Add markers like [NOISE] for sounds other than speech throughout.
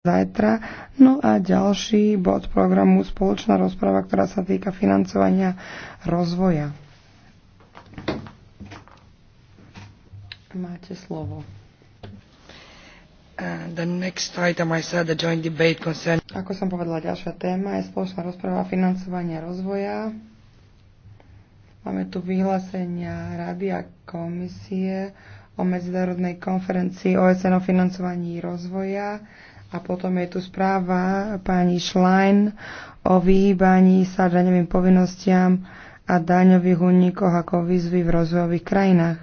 zajtra. No a ďalší bod programu spoločná rozprava, ktorá sa týka financovania rozvoja. Máte slovo. Uh, the next item I said, the joint debate concern... Ako som povedala, ďalšia téma je spoločná rozpráva financovania rozvoja. Máme tu vyhlásenia Rady a komisie o medzinárodnej konferencii OSN o financovaní rozvoja. A potom je tu správa pani Schlein o vyhýbaní sa daňovým povinnostiam a daňových únikoch ako výzvy v rozvojových krajinách.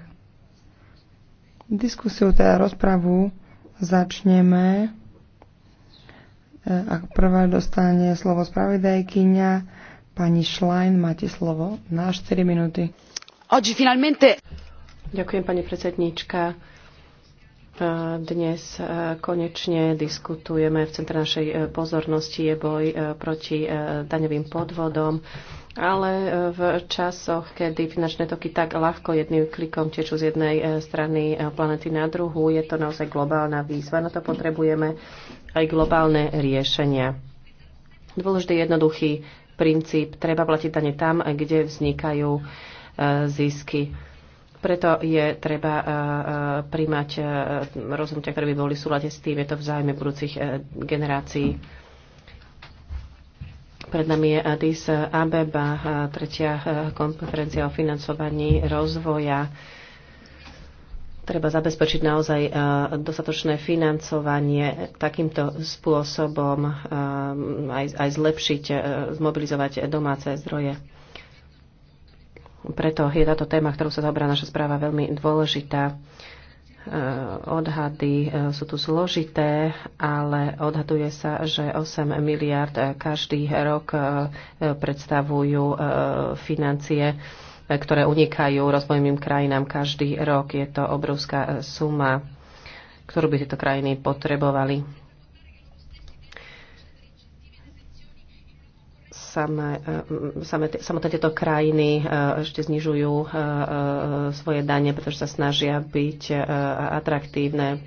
Diskusiu, teda rozpravu začneme. E, a prvá dostane slovo spravodajkyňa. Pani Schlein, máte slovo na 4 minúty. Oggi finalmente... Ďakujem, pani predsedníčka. Dnes e, konečne diskutujeme, v centre našej e, pozornosti je boj e, proti daňovým podvodom, ale v časoch, kedy finančné toky tak ľahko jedným klikom tečú z jednej strany planety na druhú, je to naozaj globálna výzva. Na to potrebujeme aj globálne riešenia. Dôležitý jednoduchý princíp. Treba platiť dane tam, kde vznikajú zisky preto je treba e, e, príjmať e, rozhodnutia, ktoré by boli v súlade s tým, je to v zájme budúcich generácií. Pred nami je Addis Abeba, tretia konferencia o financovaní rozvoja. Treba zabezpečiť naozaj dostatočné financovanie takýmto spôsobom, aj, aj zlepšiť, zmobilizovať domáce zdroje. Preto je táto téma, ktorú sa zaoberá naša správa, veľmi dôležitá. E, odhady e, sú tu zložité, ale odhaduje sa, že 8 miliard e, každý rok predstavujú financie, ktoré unikajú rozvojným krajinám každý rok. Je to obrovská suma, ktorú by tieto krajiny potrebovali. samé, eh, samé, samotné tieto krajiny eh, ešte znižujú eh, svoje dane, pretože sa snažia byť atraktívne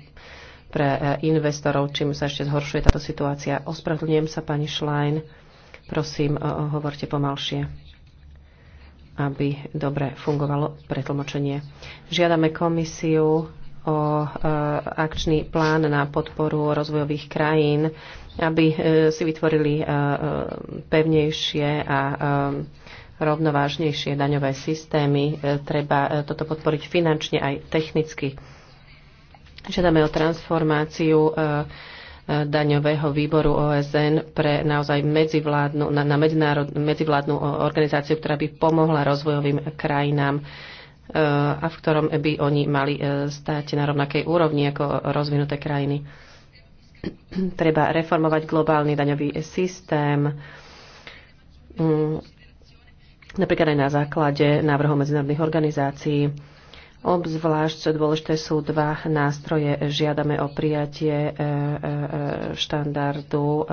pre investorov, čím sa ešte zhoršuje táto situácia. Ospravedlňujem sa, pani Schlein. Prosím, hovorte pomalšie, aby dobre fungovalo pretlmočenie. Žiadame komisiu o akčný plán na podporu rozvojových krajín aby e, si vytvorili e, e, pevnejšie a rovnovážnejšie daňové systémy. Treba toto podporiť finančne aj technicky. Žiadame o transformáciu daňového výboru OSN pre naozaj medzivládnu, na, na medzivládnu organizáciu, ktorá by pomohla rozvojovým krajinám a v ktorom by oni mali stáť na rovnakej úrovni ako rozvinuté krajiny. Treba reformovať globálny daňový systém, mm, napríklad aj na základe návrhov medzinárodných organizácií. Obzvlášť dôležité sú dva nástroje. Žiadame o prijatie e, e, e, štandardu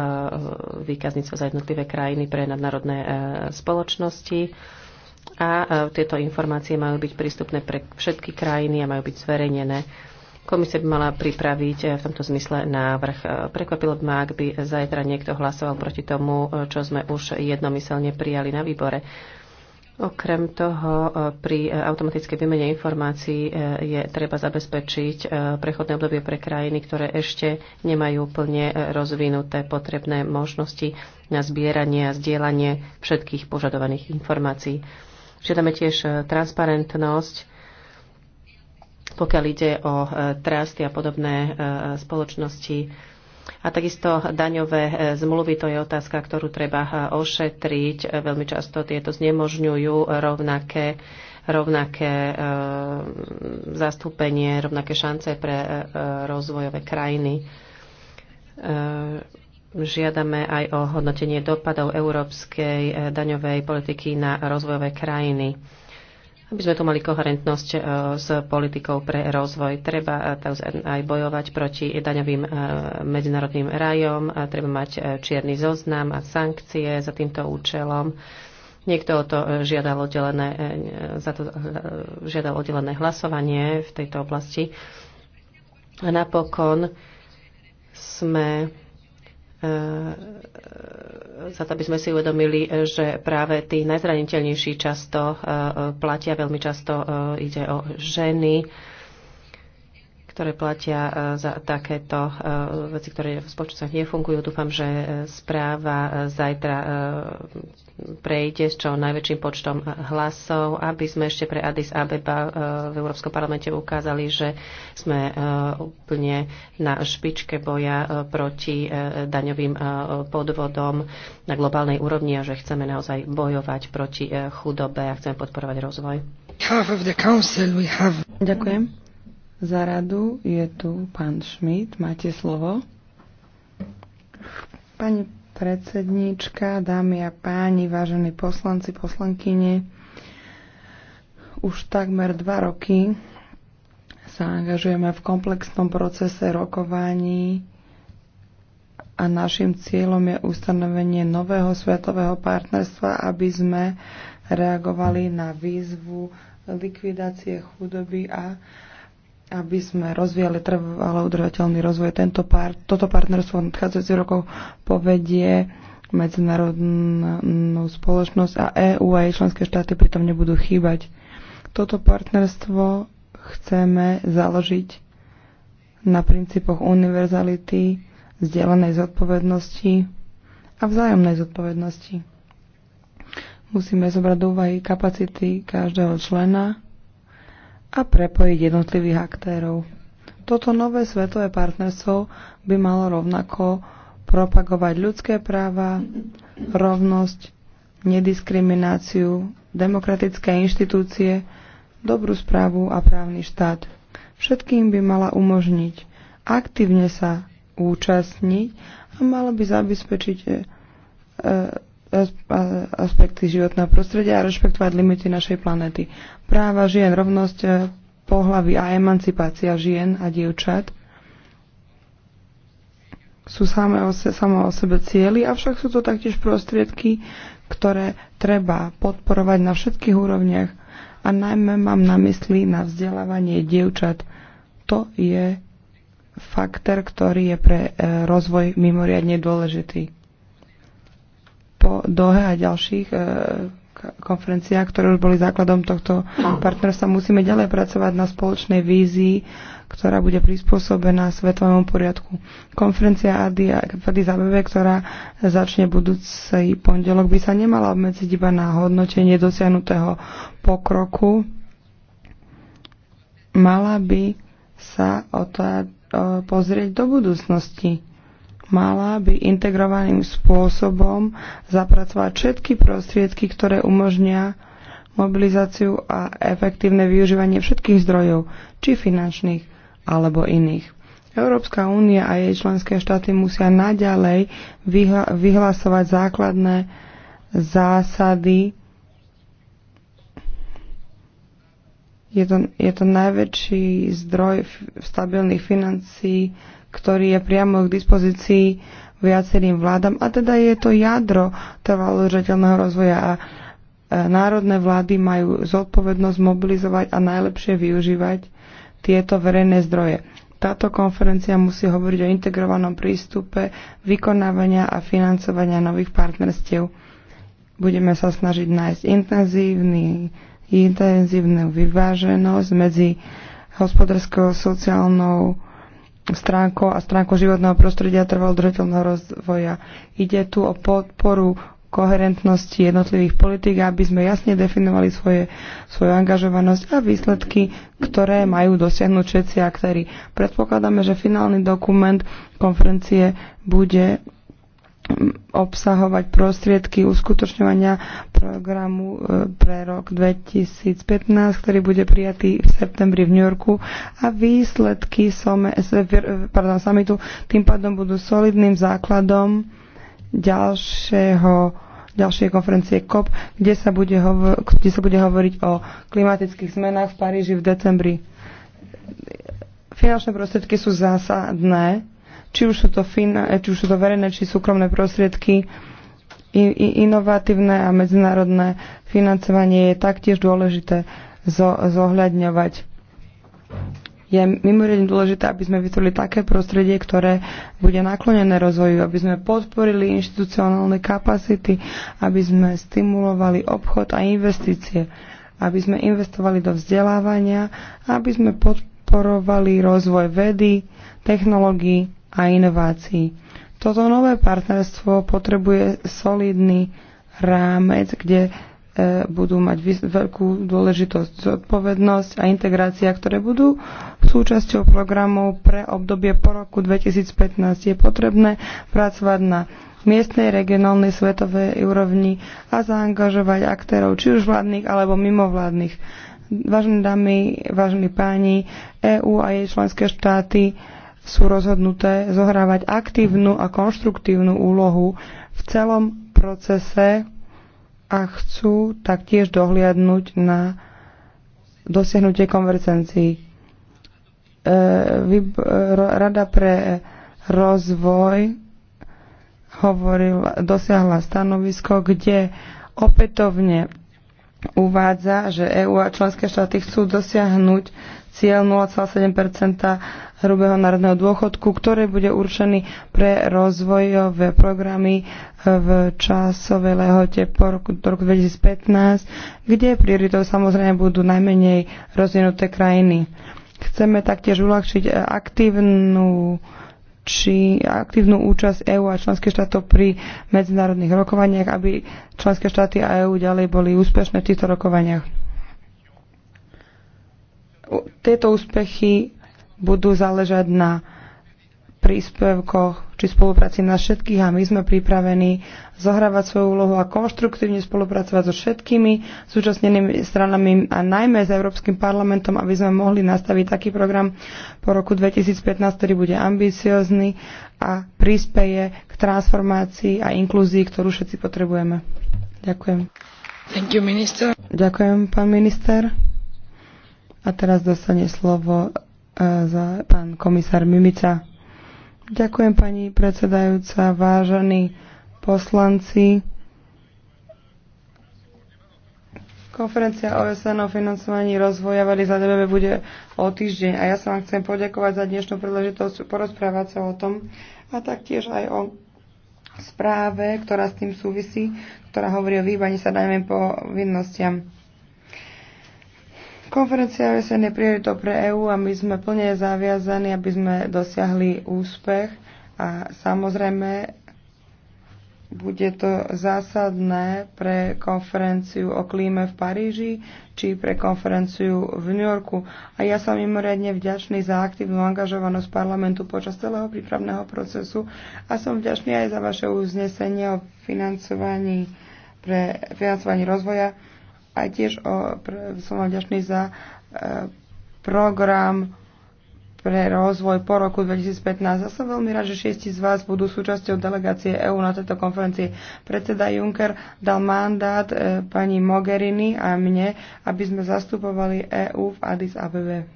výkazníctva za jednotlivé krajiny pre nadnárodné spoločnosti. A tieto informácie majú byť prístupné pre všetky krajiny a majú byť zverejnené. Komisia by mala pripraviť eh, v tomto zmysle návrh. Eh, Prekvapilo by ma, ak by zajtra niekto hlasoval proti tomu, eh, čo sme už jednomyselne prijali na výbore. Okrem toho, pri automatickej výmene informácií je treba zabezpečiť prechodné obdobie pre krajiny, ktoré ešte nemajú plne rozvinuté potrebné možnosti na zbieranie a zdieľanie všetkých požadovaných informácií. Žiadame tiež transparentnosť pokiaľ ide o e, trasty a podobné e, spoločnosti. A takisto daňové e, zmluvy, to je otázka, ktorú treba ošetriť. Veľmi často tieto znemožňujú rovnaké rovnaké zastúpenie, rovnaké šance pre rozvojové krajiny. žiadame aj o hodnotenie dopadov európskej daňovej politiky na rozvojové krajiny aby sme tu mali koherentnosť e, s politikou pre rozvoj. Treba e, aj bojovať proti daňovým e, medzinárodným rajom, treba mať čierny zoznam a sankcie za týmto účelom. Niekto o to žiadal oddelené, za to žiadal oddelené hlasovanie v tejto oblasti. A napokon sme E, e, za to, by sme si uvedomili, e, že práve tí najzraniteľnejší často platia, veľmi často ide o ženy, ktoré platia za takéto veci, ktoré v spoločnostiach nefungujú. Dúfam, že správa zajtra prejde s čo najväčším počtom hlasov, aby sme ešte pre Addis Abeba eh, v Európskom parlamente ukázali, že sme eh, úplne na špičke boja eh, proti daňovým podvodom na globálnej úrovni a že chceme naozaj bojovať proti chudobe a chceme podporovať rozvoj. Ďakujem. Za radu je tu pán Schmidt. Máte slovo. Pani predsedníčka, dámy a páni, vážení poslanci, poslankyne. Už takmer dva roky sa angažujeme v komplexnom procese rokovaní a našim cieľom je ustanovenie nového svetového partnerstva, aby sme reagovali na výzvu likvidácie chudoby a aby sme rozvíjali trvalo udržateľný rozvoj. Tento pár, toto partnerstvo v nadchádzajúcich rokov povedie medzinárodnú spoločnosť a EÚ a jej členské štáty pritom nebudú chýbať. Toto partnerstvo chceme založiť na princípoch univerzality, zdieľanej zodpovednosti a vzájomnej zodpovednosti. Musíme zobrať do úvahy kapacity každého člena a prepojiť jednotlivých aktérov. Toto nové svetové partnerstvo by malo rovnako propagovať ľudské práva, rovnosť, nediskrimináciu, demokratické inštitúcie, dobrú správu a právny štát. Všetkým by mala umožniť aktívne sa účastniť a mala by zabezpečiť e, e, aspekty životného prostredia a rešpektovať limity našej planéty. Práva žien, rovnosť eh, pohlavy a emancipácia žien a dievčat sú samé o, se, samé o sebe cieľy, avšak sú to taktiež prostriedky, ktoré treba podporovať na všetkých úrovniach a najmä mám na mysli na vzdelávanie dievčat. To je faktor, ktorý je pre eh, rozvoj mimoriadne dôležitý po Dohe a ďalších e, konferenciách, ktoré už boli základom tohto partnerstva, musíme ďalej pracovať na spoločnej vízii, ktorá bude prispôsobená svetovému poriadku. Konferencia v Addis Abebe, ktorá začne budúci pondelok, by sa nemala obmedziť iba na hodnotenie dosiahnutého pokroku. Mala by sa o to pozrieť do budúcnosti mala by integrovaným spôsobom zapracovať všetky prostriedky, ktoré umožnia mobilizáciu a efektívne využívanie všetkých zdrojov, či finančných, alebo iných. Európska únia a jej členské štáty musia naďalej vyhla- vyhlasovať základné zásady. Je to, je to najväčší zdroj stabilných financií ktorý je priamo k dispozícii viacerým vládam. A teda je to jadro trvalo udržateľného rozvoja a e, národné vlády majú zodpovednosť mobilizovať a najlepšie využívať tieto verejné zdroje. Táto konferencia musí hovoriť o integrovanom prístupe vykonávania a financovania nových partnerstiev. Budeme sa snažiť nájsť intenzívny, intenzívnu vyváženosť medzi hospodárskou, a sociálnou, stránkou a stránkou životného prostredia trvalo držateľného rozvoja. Ide tu o podporu koherentnosti jednotlivých politik, aby sme jasne definovali svoje, svoju angažovanosť a výsledky, ktoré majú dosiahnuť všetci aktéry. Predpokladáme, že finálny dokument konferencie bude obsahovať prostriedky uskutočňovania programu e, pre rok 2015, ktorý bude prijatý v septembri v New Yorku a výsledky samitu tým pádom budú solidným základom ďalšieho ďalšej konferencie COP, kde sa, bude hovor, kde sa bude hovoriť o klimatických zmenách v Paríži v decembri. Finančné prostriedky sú zásadné, či už sú to, fina, či už sú to verejné či súkromné prostriedky, inovatívne a medzinárodné financovanie je taktiež dôležité zohľadňovať. Je mimoriadne dôležité, aby sme vytvorili také prostredie, ktoré bude naklonené rozvoju, aby sme podporili inštitucionálne kapacity, aby sme stimulovali obchod a investície, aby sme investovali do vzdelávania, aby sme podporovali rozvoj vedy, technológií a inovácií. Toto nové partnerstvo potrebuje solidný rámec, kde e, budú mať veľkú dôležitosť zodpovednosť a integrácia, ktoré budú súčasťou programov pre obdobie po roku 2015. Je potrebné pracovať na miestnej, regionálnej, svetovej úrovni a zaangažovať aktérov, či už vládnych alebo mimovládnych. Vážené dámy, vážení páni, EÚ a jej členské štáty sú rozhodnuté zohrávať aktívnu a konštruktívnu úlohu v celom procese a chcú taktiež dohliadnúť na dosiahnutie konvergencií. E, Rada pre rozvoj hovorila dosiahla stanovisko, kde opätovne uvádza, že EÚ a členské štáty chcú dosiahnuť cieľ 0,7 hrubého národného dôchodku, ktorý bude určený pre rozvojové programy e, v časovej lehote po roku, do roku 2015, kde prioritou samozrejme budú najmenej rozvinuté krajiny. Chceme taktiež uľahčiť e, aktívnu či aktívnu účasť EÚ a členských štátov pri medzinárodných rokovaniach, aby členské štáty a EÚ ďalej boli úspešné v týchto rokovaniach tieto úspechy budú záležať na príspevkoch či spolupráci na všetkých a my sme pripravení zohrávať svoju úlohu a konštruktívne spolupracovať so všetkými súčasnenými stranami a najmä s Európskym parlamentom, aby sme mohli nastaviť taký program po roku 2015, ktorý bude ambiciozný a prispeje k transformácii a inklúzii, ktorú všetci potrebujeme. Ďakujem. Thank you, minister. Ďakujem, pán minister. A teraz dostane slovo e, za pán komisár Mimica. Ďakujem pani predsedajúca, vážení poslanci. Konferencia OSN o financovaní rozvoja v Elizabebe bude o týždeň a ja sa vám chcem poďakovať za dnešnú príležitosť porozprávať sa o tom a taktiež aj o správe, ktorá s tým súvisí, ktorá hovorí o výbaní sa dajme povinnostiam. Konferencia OSN je prioritou pre EÚ a my sme plne zaviazaní, aby sme dosiahli úspech a samozrejme bude to zásadné pre konferenciu o klíme v Paríži či pre konferenciu v New Yorku. A ja som mimoriadne vďačný za aktívnu angažovanosť parlamentu počas celého prípravného procesu a som vďačný aj za vaše uznesenie o financovaní pre financovaní rozvoja a tiež o, pre, som vám vďačný za e, program pre rozvoj po roku 2015. Ja som veľmi rád, že šiesti z vás budú súčasťou delegácie EÚ na tejto konferencii. Predseda Juncker dal mandát e, pani Mogherini a mne, aby sme zastupovali EÚ v Addis Abebe.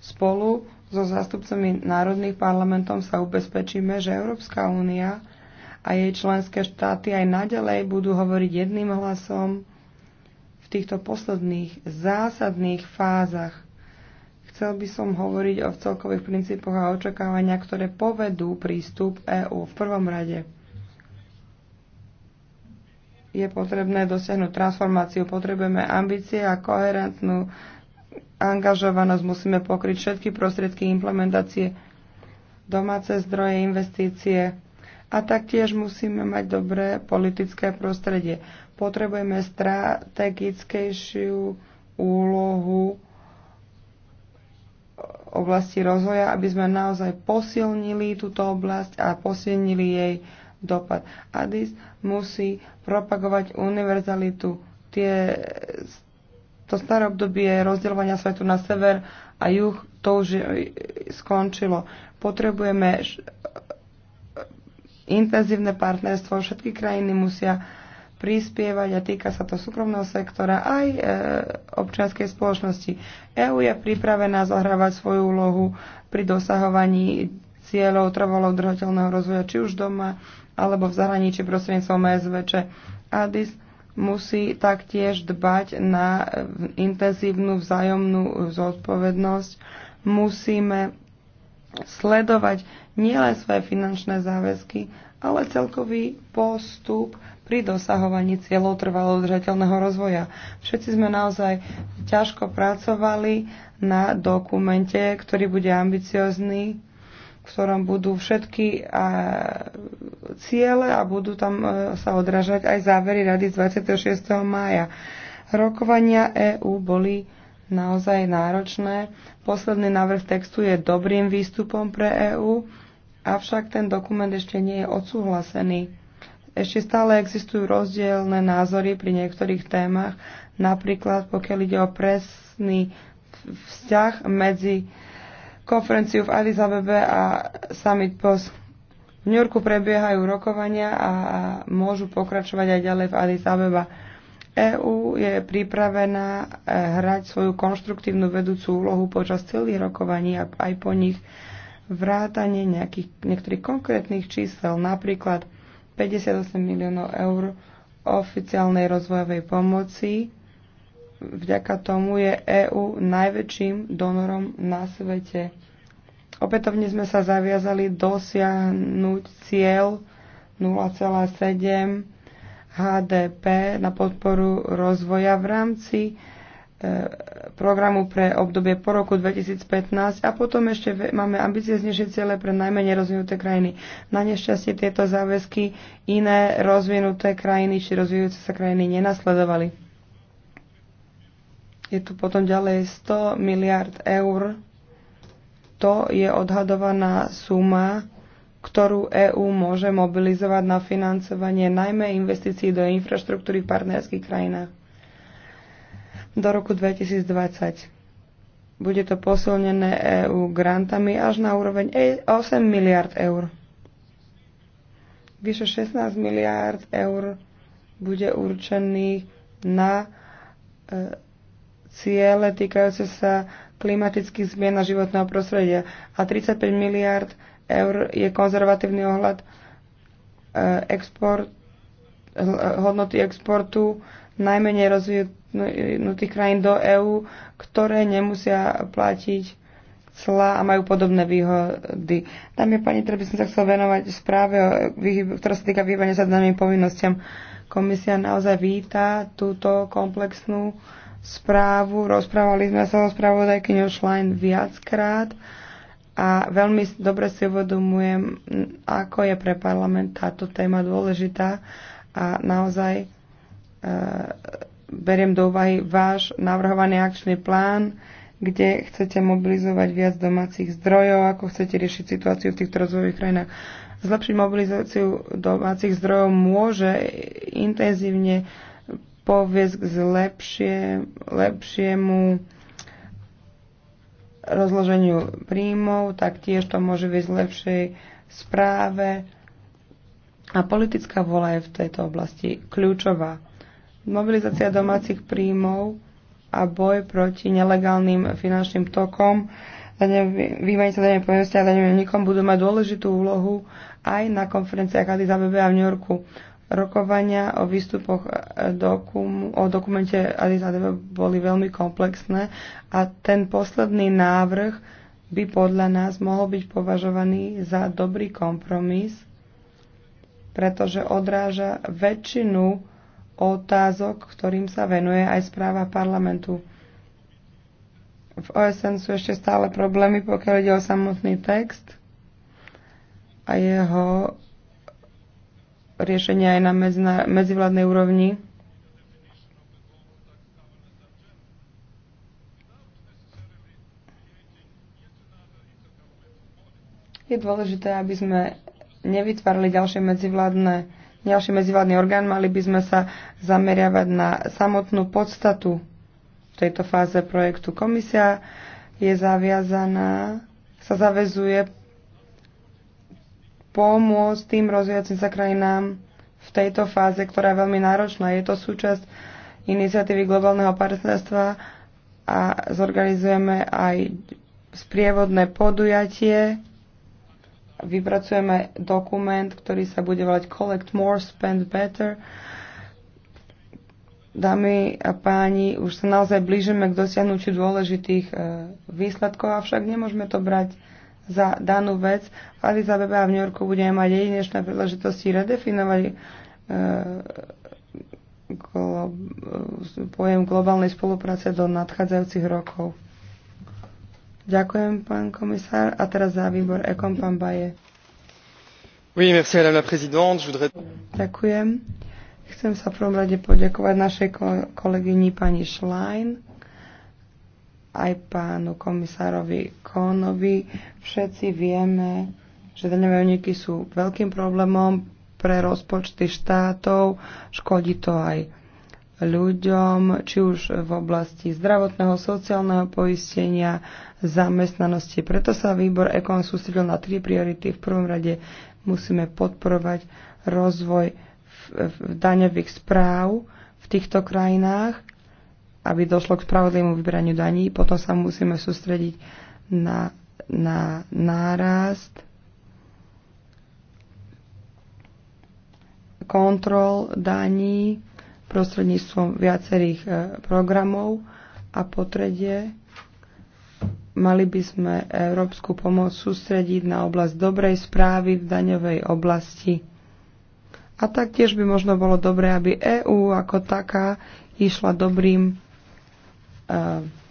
Spolu so zástupcami národných parlamentov sa ubezpečíme, že Európska únia a jej členské štáty aj naďalej budú hovoriť jedným hlasom v týchto posledných zásadných fázach. Chcel by som hovoriť o celkových princípoch a očakávania, ktoré povedú prístup EÚ v prvom rade. Je potrebné dosiahnuť transformáciu, potrebujeme ambície a koherentnú angažovanosť, musíme pokryť všetky prostriedky implementácie, domáce zdroje, investície, a taktiež musíme mať dobré politické prostredie. Potrebujeme strategickejšiu úlohu oblasti rozvoja, aby sme naozaj posilnili túto oblasť a posilnili jej dopad. Addis musí propagovať univerzalitu. Tie, to staré obdobie rozdielovania svetu na sever a juh, to už skončilo. Potrebujeme intenzívne partnerstvo. Všetky krajiny musia prispievať a týka sa to súkromného sektora aj e, občianskej spoločnosti. EÚ je pripravená zahrávať svoju úlohu pri dosahovaní cieľov trvalo udržateľného rozvoja či už doma alebo v zahraničí prostredníctvom SVČ. ADIS musí taktiež dbať na e, intenzívnu vzájomnú zodpovednosť. Musíme sledovať nielen svoje finančné záväzky, ale celkový postup pri dosahovaní cieľov trvalo udržateľného rozvoja. Všetci sme naozaj ťažko pracovali na dokumente, ktorý bude ambiciozný, v ktorom budú všetky a, ciele a budú tam e, sa odražať aj závery rady z 26. mája. Rokovania EÚ boli naozaj náročné. Posledný návrh textu je dobrým výstupom pre EÚ Avšak ten dokument ešte nie je odsúhlasený. Ešte stále existujú rozdielne názory pri niektorých témach, napríklad pokiaľ ide o presný vzťah medzi konferenciou v Addis Abebe a summit POS. V New Yorku prebiehajú rokovania a môžu pokračovať aj ďalej v Addis Abeba. EÚ je pripravená eh, hrať svoju konštruktívnu vedúcu úlohu počas celých rokovaní a aj po nich vrátanie nejakých, niektorých konkrétnych čísel, napríklad 58 miliónov eur oficiálnej rozvojovej pomoci. Vďaka tomu je EÚ najväčším donorom na svete. Opätovne sme sa zaviazali dosiahnuť cieľ 0,7 HDP na podporu rozvoja v rámci Eh, programu pre obdobie po roku 2015 a potom ešte máme ambicioznejšie ciele pre najmenej rozvinuté krajiny. Na nešťastie tieto záväzky iné rozvinuté krajiny či rozvíjajúce sa krajiny nenasledovali. Je tu potom ďalej 100 miliard eur. To je odhadovaná suma, ktorú EÚ môže mobilizovať na financovanie najmä investícií do infraštruktúry v partnerských krajinách do roku 2020. Bude to posilnené EU grantami až na úroveň 8 e- miliard eur. Vyše 16 miliard eur bude určených na e, ciele týkajúce sa klimatických zmien a životného prostredia a 35 miliard eur je konzervatívny ohľad e, export, hodnoty exportu najmenej rozvinutých krajín do EÚ, ktoré nemusia platiť cla a majú podobné výhody. Tam je pani, ktorá by som sa chcel venovať správe, ktorá sa týka vyhýbania sa danými povinnostiam. Komisia naozaj víta túto komplexnú správu. Rozprávali sme sa o spravodajkyňou Schlein viackrát a veľmi dobre si uvedomujem, ako je pre parlament táto téma dôležitá a naozaj E, beriem do úvahy váš navrhovaný akčný plán, kde chcete mobilizovať viac domácich zdrojov, ako chcete riešiť situáciu v týchto rozvojových krajinách. Zlepšiť mobilizáciu domácich zdrojov môže intenzívne poviesť k zlepšie, lepšiemu rozloženiu príjmov, tak tiež to môže viesť lepšej správe. A politická vola je v tejto oblasti kľúčová. Mobilizácia domácich príjmov a boj proti nelegálnym finančným tokom výmanie sa daňovým povinnosti a daňovým unikom budú mať dôležitú úlohu aj na konferenciách Addis Abebe a v New Yorku. Rokovania o výstupoch e, dokum, o dokumente Addis Abebe boli veľmi komplexné a ten posledný návrh by podľa nás mohol byť považovaný za dobrý kompromis, pretože odráža väčšinu otázok, ktorým sa venuje aj správa parlamentu. V OSN sú ešte stále problémy, pokiaľ ide o samotný text a jeho riešenie aj na medzivládnej úrovni. Je dôležité, aby sme nevytvárali ďalšie medzivládne ďalší medzivládny orgán, mali by sme sa zameriavať na samotnú podstatu v tejto fáze projektu. Komisia je zaviazaná, sa zavezuje pomôcť tým rozvíjacím sa krajinám v tejto fáze, ktorá je veľmi náročná. Je to súčasť iniciatívy globálneho partnerstva a zorganizujeme aj sprievodné podujatie vypracujeme dokument, ktorý sa bude volať Collect More, Spend Better. Dámy a páni, už sa naozaj blížime k dosiahnutiu dôležitých e, výsledkov, avšak nemôžeme to brať za danú vec. V Addis Abebe a v New Yorku budeme mať jedinečné príležitosti redefinovať e, e, pojem globálnej spolupráce do nadchádzajúcich rokov. Ďakujem, pán komisár. A teraz za výbor Ekom, pán Baje. Oui, merci, madame la présidente. Je voudrais... Ďakujem. Chcem sa v prvom rade poďakovať našej kolegyni pani Schlein, aj pánu komisárovi Konovi. Všetci vieme, že daňové sú veľkým problémom pre rozpočty štátov, škodí to aj ľuďom, či už v oblasti zdravotného, sociálneho poistenia, zamestnanosti. Preto sa výbor EKON sústredil na tri priority. V prvom rade musíme podporovať rozvoj daňových správ v týchto krajinách, aby došlo k spravodlivému vyberaniu daní. Potom sa musíme sústrediť na, na nárast kontrol daní prostredníctvom viacerých e, programov a po mali by sme európsku pomoc sústrediť na oblasť dobrej správy v daňovej oblasti. A taktiež by možno bolo dobré, aby EÚ ako taká išla dobrým e,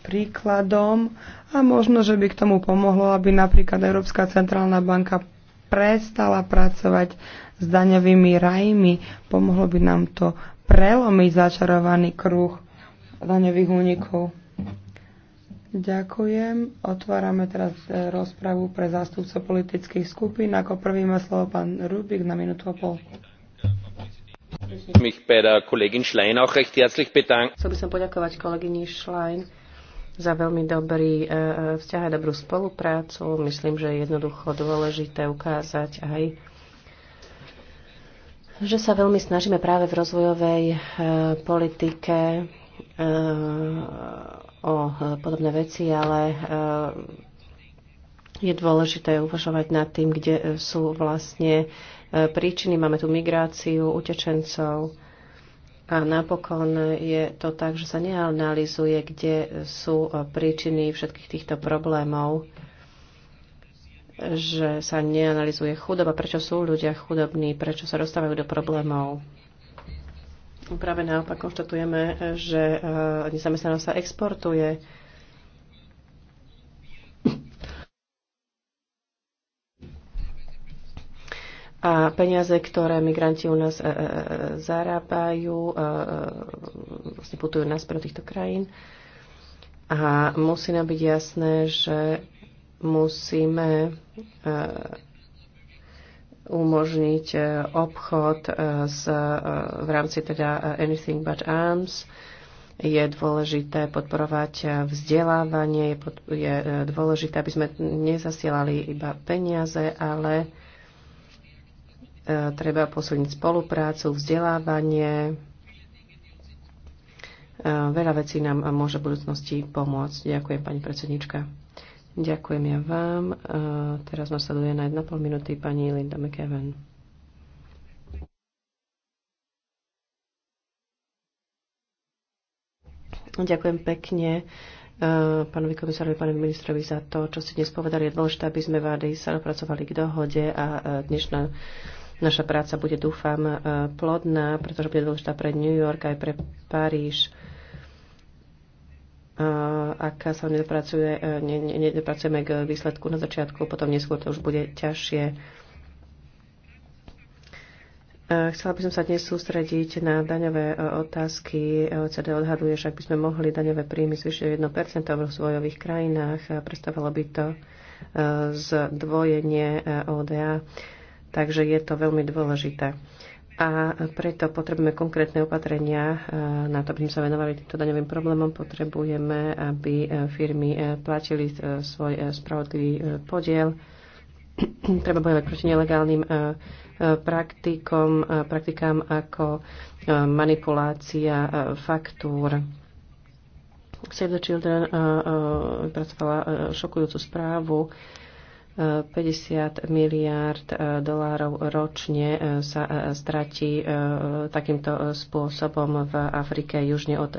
príkladom a možno, že by k tomu pomohlo, aby napríklad Európska centrálna banka prestala pracovať s daňovými rajmi. Pomohlo by nám to prelomiť začarovaný kruh daňových únikov. Ďakujem. Otvárame teraz e, rozpravu pre zástupcov politických skupín. Ako prvý má slovo pán Rubik na minútu a pol. Chcel by som poďakovať kolegyni Schlein za veľmi dobrý e, e, vzťah a dobrú spoluprácu. Myslím, že je jednoducho dôležité ukázať aj že sa veľmi snažíme práve v rozvojovej e, politike e, o e, podobné veci, ale je dôležité uvažovať nad tým, kde sú vlastne príčiny. Máme tu migráciu, utečencov a napokon je to tak, že sa neanalizuje, kde sú príčiny všetkých týchto problémov že sa neanalizuje chudoba, prečo sú ľudia chudobní, prečo sa dostávajú do problémov. Práve naopak konštatujeme, že eh, nezamestnanosť sa exportuje. A peniaze, ktoré migranti u nás e, zarábajú, e, vlastne putujú nás pre týchto krajín. A musí nám byť jasné, že musíme e, umožniť e, obchod e, s, v rámci teda Anything But Arms. Je dôležité podporovať vzdelávanie, je, pod, je dôležité, aby sme nezasielali iba peniaze, ale treba posúniť spoluprácu, vzdelávanie. Veľa vecí nám môže v budúcnosti pomôcť. Ďakujem, pani predsednička. Ďakujem ja vám. E, teraz nasleduje na 1,5 minúty pani Linda McEwen. Ďakujem pekne e, pánovi komisárovi, pánovi ministrovi za to, čo ste dnes povedali. Je dôležité, aby sme v sa dopracovali k dohode a e, dnešná naša práca bude, dúfam, plodná, pretože bude dôležitá pre New York aj pre Paríž ak sa nedopracuje, e, ne, ne, nedopracujeme k výsledku na začiatku, potom neskôr to už bude ťažšie. E, chcela by som sa dnes sústrediť na daňové e, otázky. OECD odhaduje, že ak by sme mohli daňové príjmy zvyšiť 1% v rozvojových krajinách, predstavovalo by to zdvojenie ODA. Takže je to veľmi dôležité a preto potrebujeme konkrétne opatrenia e, na to, aby sme sa venovali týmto daňovým problémom. Potrebujeme, aby e, firmy e, platili svoj spravodlivý podiel. [CLEARS THROAT] Treba bojovať proti nelegálnym praktikom, praktikám ako manipulácia faktúr. Save the Children pracovala šokujúcu správu 50 miliárd e, dolárov ročne e, sa e, stratí takýmto spôsobom v Afrike južne od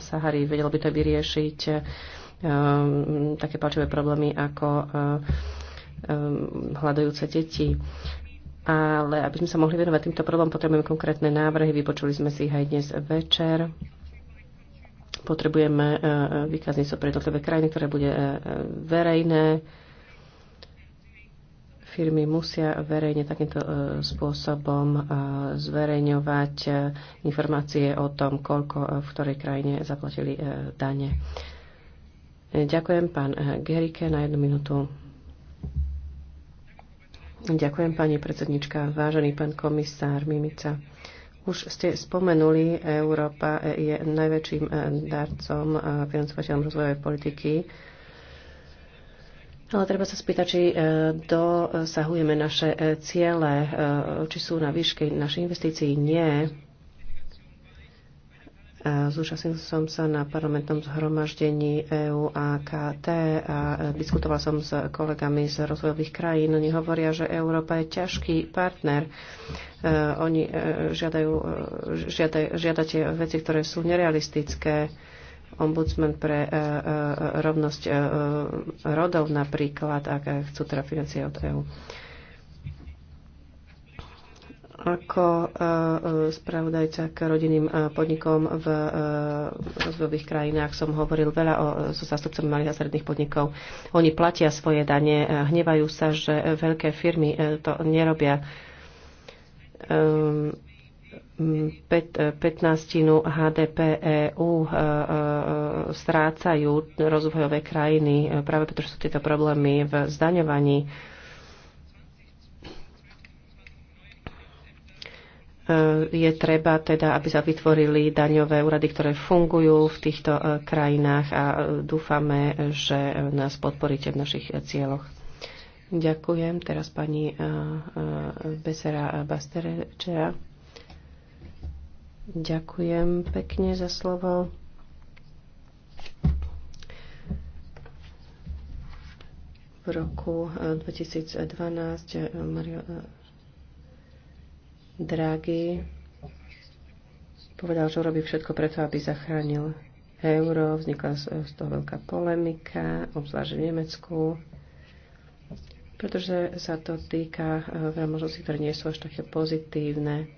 Sahary. Vedelo by to vyriešiť také palčové problémy ako hľadajúce deti. Ale aby sme sa mohli venovať týmto problémom, potrebujeme konkrétne návrhy. Vypočuli sme si ich aj dnes večer potrebujeme výkazníctvo pre jednotlivé krajiny, ktoré bude verejné, Firmy musia verejne takýmto e, spôsobom e, zverejňovať e, informácie o tom, koľko v ktorej krajine zaplatili dane. Ďakujem pán Gerike na jednu minútu. Ďakujem pani predsednička, vážený pán komisár Mimica. Už ste spomenuli, Európa je najväčším darcom financovateľom rozvojovej politiky ale treba sa spýtať, či e, dosahujeme naše e, ciele, e, či sú na výške našich investícií. Nie. Zúčastnil som sa na parlamentnom zhromaždení EU a KT a diskutoval som s kolegami z rozvojových krajín. Oni hovoria, že Európa je ťažký partner. Oni žiadajú, žiadate veci, ktoré sú nerealistické ombudsman pre e, e, e, rovnosť rodov napríklad, ak chcú teda financie od EÚ. Ako spravodajca k rodinným podnikom v rozvojových krajinách som hovoril veľa o, so zástupcom malých a stredných podnikov. Oni platia svoje dane, hnevajú sa, že veľké firmy to nerobia. Um, 15 HDP EU strácajú rozvojové krajiny e, práve preto, sú tieto problémy v zdaňovaní. E, je treba teda, aby sa vytvorili daňové úrady, ktoré fungujú v týchto e, krajinách a dúfame, že nás podporíte v našich cieľoch. Ďakujem. Teraz pani Besera Basterečera. Ďakujem pekne za slovo. V roku 2012 eh, eh, Mario eh, Draghi povedal, že urobí všetko preto, aby zachránil euro. Vznikla z toho veľká polemika, obzvlášť v Nemecku, pretože sa to týka veľa možností, ktoré nie sú až také pozitívne.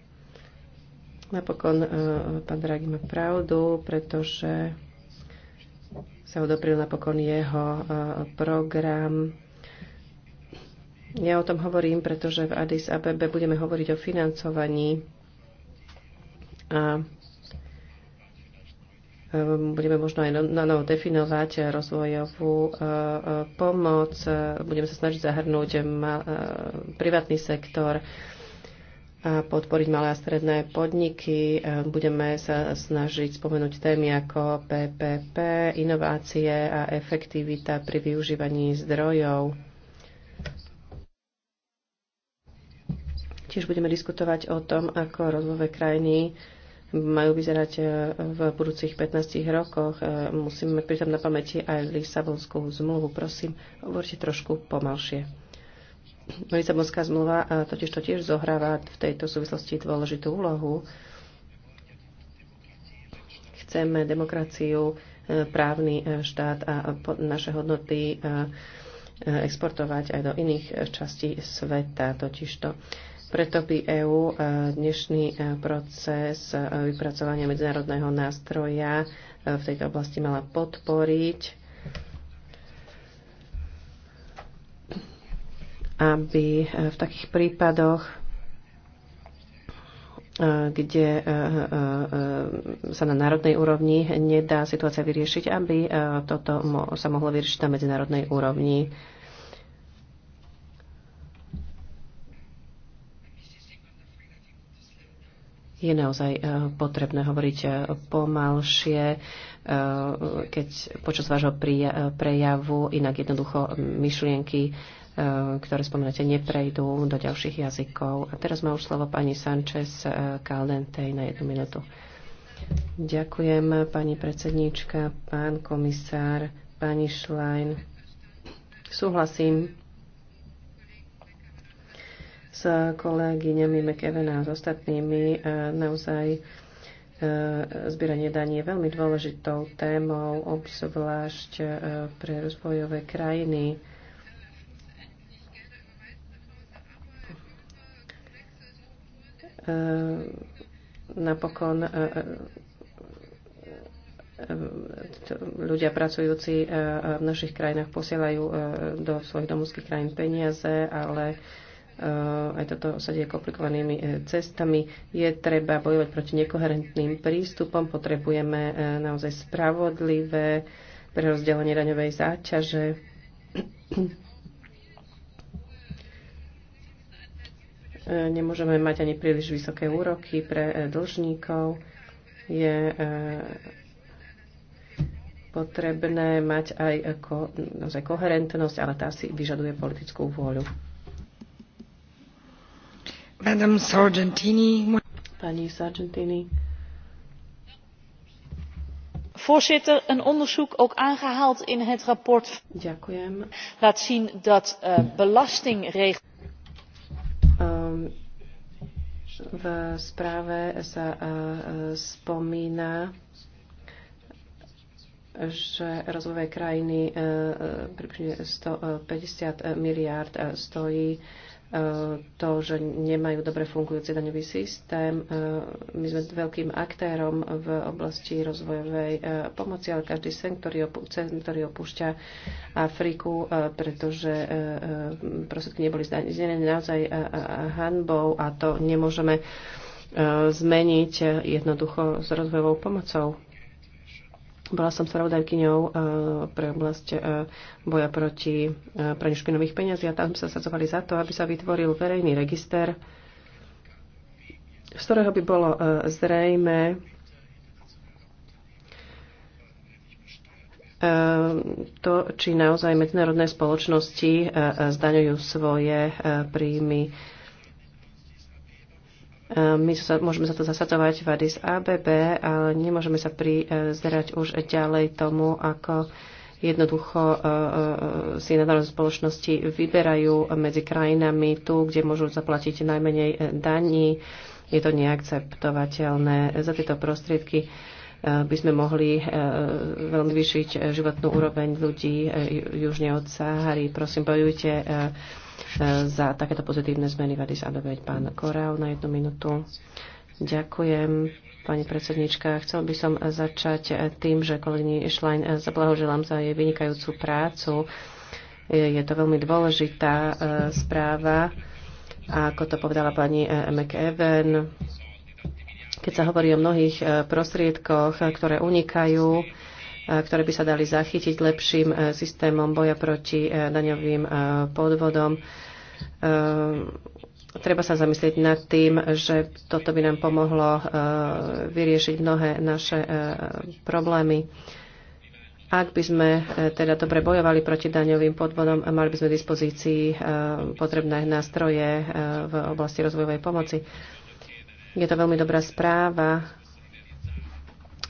Napokon e, pán Draghi má pravdu, pretože sa odopril napokon jeho e, program. Ja o tom hovorím, pretože v Addis Abebe budeme hovoriť o financovaní a e, budeme možno aj na novo definovať rozvojovú pomoc, budeme sa snažiť zahrnúť privátny sektor, podporiť malé a stredné podniky. E, budeme sa snažiť spomenúť témy ako PPP, inovácie a efektivita pri využívaní zdrojov. Tiež budeme diskutovať o tom, ako rozvojové krajiny majú vyzerať e, v budúcich 15 rokoch. E, musíme pritom na pamäti aj Lisabonskú zmluvu. Prosím, hovorte trošku pomalšie. Lisabonská zmluva totiž to tiež zohráva v tejto súvislosti dôležitú úlohu. Chceme demokraciu, e, právny e, štát a naše hodnoty e, exportovať aj do iných častí sveta totižto. Preto by EÚ dnešný proces vypracovania medzinárodného nástroja v tejto oblasti mala podporiť aby e, v takých prípadoch, e, kde e, sa na národnej úrovni nedá situácia vyriešiť, aby toto sa mohlo vyriešiť na medzinárodnej úrovni. je naozaj potrebné hovoriť pomalšie, keď počas vášho prejavu, inak jednoducho myšlienky Eh, ktoré spomínate, neprejdú do ďalších jazykov. A teraz má už slovo pani Sanchez eh, Caldentej na jednu minútu. Ďakujem, pani predsedníčka, pán komisár, pani Schlein. Súhlasím s kolegyňami McEvena a s ostatnými. Eh, naozaj zbieranie daní je veľmi dôležitou témou, obzvlášť pre rozvojové krajiny E, napokon e, e, ľudia pracujúci v našich krajinách posielajú do svojich domovských krajín peniaze, ale aj toto sa deje komplikovanými cestami. Je treba bojovať proti nekoherentným prístupom, potrebujeme naozaj spravodlivé prerozdelenie daňovej záťaže E, nemôžeme mať ani príliš vysoké úroky pre e, dlžníkov. Je e, potrebné mať aj ko, koherentnosť, ale tá si vyžaduje politickú vôľu. Madam Sargentini. Pani Sargentini. Voorzitter, een onderzoek ook aangehaald in het rapport Ďakujem. laat zien dat uh, belastingregels v správe sa e, e, spomína, že rozvojové krajiny e, približne 150 miliárd stojí to, že nemajú dobre fungujúci daňový systém. E, my sme veľkým aktérom v oblasti rozvojovej e, pomoci, ale každý sen, ktorý, opú, sen, ktorý opúšťa Afriku, e, pretože prostriedky neboli zdanené naozaj hanbou a to nemôžeme zmeniť jednoducho s rozvojovou pomocou. Bola som spravodajkyňou eh, pre oblasť eh, boja proti eh, praniu špinových peniazí a tam sme sa sadzovali za to, aby sa vytvoril verejný register, z ktorého by bolo zrejme, to, či naozaj medzinárodné spoločnosti zdaňujú svoje príjmy Ehm, my sa, môžeme sa to zasadzovať v Addis ABB, ale nemôžeme sa prizerať e, už ďalej tomu, ako jednoducho e, e, si nadnárodné spoločnosti vyberajú medzi krajinami tu, kde môžu zaplatiť najmenej daní. Je to neakceptovateľné. Za tieto prostriedky by sme mohli veľmi vyšiť životnú úroveň ľudí južne od Sahary. Prosím, bojujte za takéto pozitívne zmeny v Addis Abebe. Pán Korál na jednu minútu. Ďakujem, pani predsednička. Chcel by som začať tým, že kolegyni Schlein zablahoželám za jej vynikajúcu prácu. Je to veľmi dôležitá e, správa. A ako to povedala pani e, McEwen, keď sa hovorí o mnohých e, prostriedkoch, ktoré unikajú, E, ktoré by sa dali zachytiť lepším e, systémom boja proti e, daňovým podvodom. Treba sa zamyslieť nad tým, že toto by nám pomohlo vyriešiť mnohé naše problémy. Ak by sme teda dobre bojovali proti daňovým podvodom, mali by sme v dispozícii potrebné nástroje v oblasti rozvojovej pomoci. Je to veľmi dobrá správa,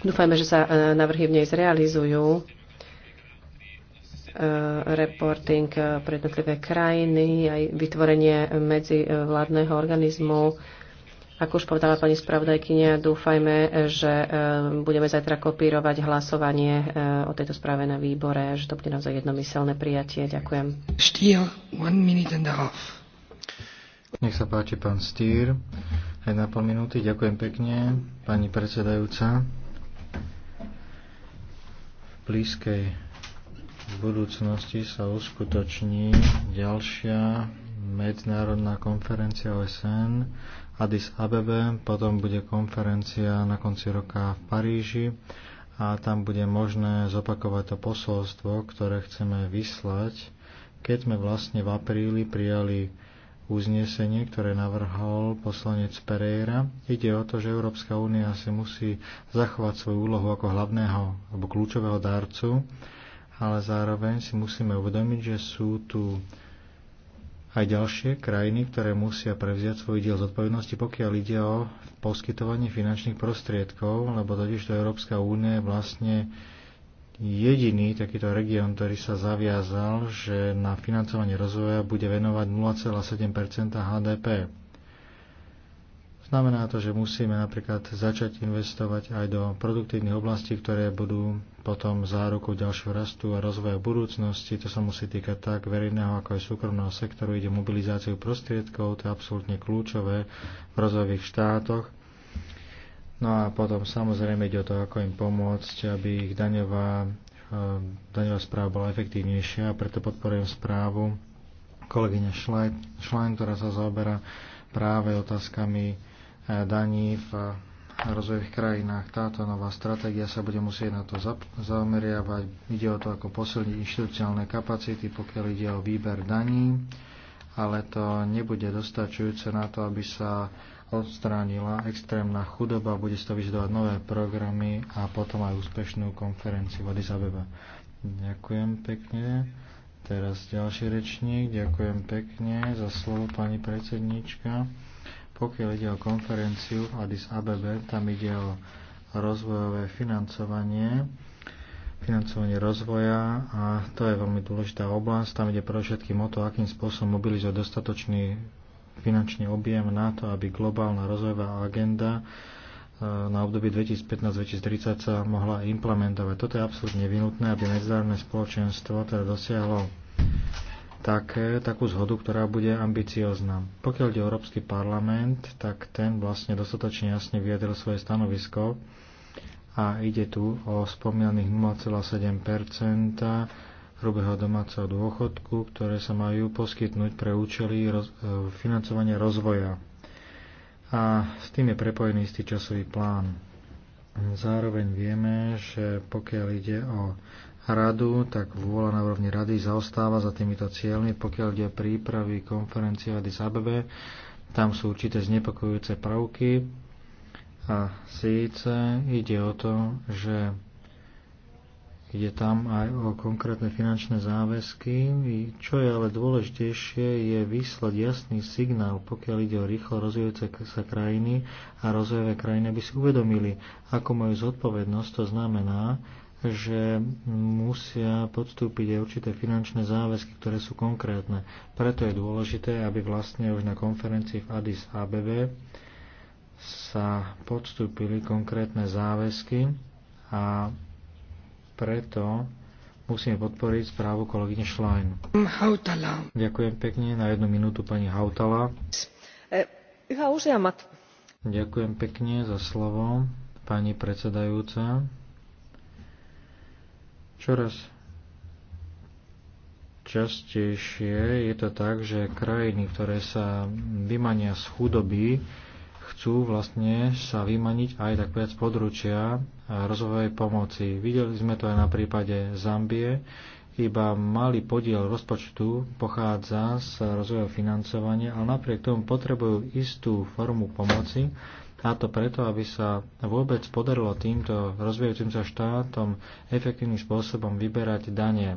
Dúfajme, že sa e, navrhy v nej zrealizujú. E, reporting e, pre jednotlivé krajiny, aj vytvorenie medzivládneho organizmu. Ako už povedala pani spravodajkynia, dúfajme, že budeme zajtra kopírovať hlasovanie o tejto správe na výbore, že to bude naozaj jednomyselné prijatie. Ďakujem. Stier, one minute and a half. Nech sa páči, pán Stýr. Aj na pol minúty. Ďakujem pekne, pani predsedajúca blízkej budúcnosti sa uskutoční ďalšia medzinárodná konferencia OSN Addis Abebe, potom bude konferencia na konci roka v Paríži a tam bude možné zopakovať to posolstvo, ktoré chceme vyslať, keď sme vlastne v apríli prijali uznesenie, ktoré navrhol poslanec Pereira. Ide o to, že Európska únia si musí zachovať svoju úlohu ako hlavného alebo kľúčového dárcu, ale zároveň si musíme uvedomiť, že sú tu aj ďalšie krajiny, ktoré musia prevziať svoj diel zodpovednosti, pokiaľ ide o poskytovanie finančných prostriedkov, lebo totiž to Európska únia je vlastne jediný takýto región, ktorý sa zaviazal, že na financovanie rozvoja bude venovať 0,7 HDP. Znamená to, že musíme napríklad začať investovať aj do produktívnych oblastí, ktoré budú potom zárukou ďalšieho rastu a rozvoja budúcnosti. To sa musí týkať tak verejného, ako aj súkromného sektoru. Ide mobilizáciu prostriedkov, to je absolútne kľúčové v rozvojových štátoch No a potom samozrejme ide o to, ako im pomôcť, aby ich daňová, e, daňová správa bola efektívnejšia a preto podporujem správu kolegyne Schlein, ktorá sa zaoberá práve otázkami e, daní v rozvojových krajinách. Táto nová stratégia sa bude musieť na to zameriavať. Ide o to, ako posilniť inštitucionálne kapacity, pokiaľ ide o výber daní, ale to nebude dostačujúce na to, aby sa odstránila extrémna chudoba, bude si to vyžadovať nové programy a potom aj úspešnú konferenciu v Addis Abeba. Ďakujem pekne. Teraz ďalší rečník. Ďakujem pekne za slovo pani predsedníčka. Pokiaľ ide o konferenciu v Addis Abebe, tam ide o rozvojové financovanie financovanie rozvoja a to je veľmi dôležitá oblasť. Tam ide pre všetkým o to, akým spôsobom mobilizovať dostatočný finančný objem na to, aby globálna rozvojová agenda e, na období 2015-2030 sa mohla implementovať. Toto je absolútne nevinutné, aby medzinárodné spoločenstvo teda dosiahlo také, takú zhodu, ktorá bude ambiciozná. Pokiaľ ide Európsky parlament, tak ten vlastne dostatočne jasne vyjadril svoje stanovisko a ide tu o spomínaných 0,7 hrubého domáceho dôchodku, ktoré sa majú poskytnúť pre účely roz, e, financovania rozvoja. A s tým je prepojený istý časový plán. Zároveň vieme, že pokiaľ ide o radu, tak vôľa na úrovni rady zaostáva za týmito cieľmi, pokiaľ ide o prípravy konferencie v Addis Abebe. Tam sú určité znepokojujúce prvky a síce ide o to, že Ide tam aj o konkrétne finančné záväzky. Čo je ale dôležitejšie, je vyslať jasný signál, pokiaľ ide o rýchlo rozvíjajúce sa krajiny a rozvojové krajiny, aby si uvedomili, ako majú zodpovednosť. To znamená, že musia podstúpiť aj určité finančné záväzky, ktoré sú konkrétne. Preto je dôležité, aby vlastne už na konferencii v Addis ABB sa podstúpili konkrétne záväzky a preto musíme podporiť správu kolegyne Schlein. Hautala. Ďakujem pekne. Na jednu minútu pani Hautala. E, Ďakujem pekne za slovo, pani predsedajúca. Čoraz častejšie je to tak, že krajiny, ktoré sa vymania z chudoby, chcú vlastne sa vymaniť aj tak viac područia e, rozvojovej pomoci. Videli sme to aj na prípade Zambie. Iba malý podiel rozpočtu pochádza z rozvojov financovania, ale napriek tomu potrebujú istú formu pomoci, a to preto, aby sa vôbec podarilo týmto rozvíjajúcim sa štátom efektívnym spôsobom vyberať dane.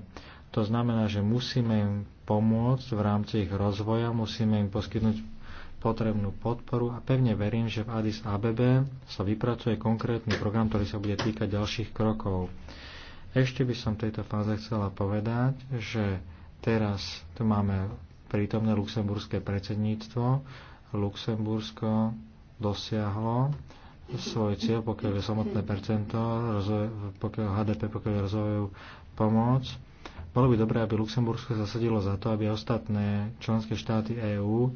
To znamená, že musíme im pomôcť v rámci ich rozvoja, musíme im poskytnúť potrebnú podporu a pevne verím, že v Addis ABB sa vypracuje konkrétny program, ktorý sa bude týkať ďalších krokov. Ešte by som v tejto fáze chcela povedať, že teraz tu máme prítomné luxemburské predsedníctvo. Luxembursko dosiahlo svoj cieľ, pokiaľ je samotné percento, rozvoj, pokiaľ HDP, pokiaľ je rozvojú pomoc. Bolo by dobré, aby Luxembursko zasadilo za to, aby ostatné členské štáty EÚ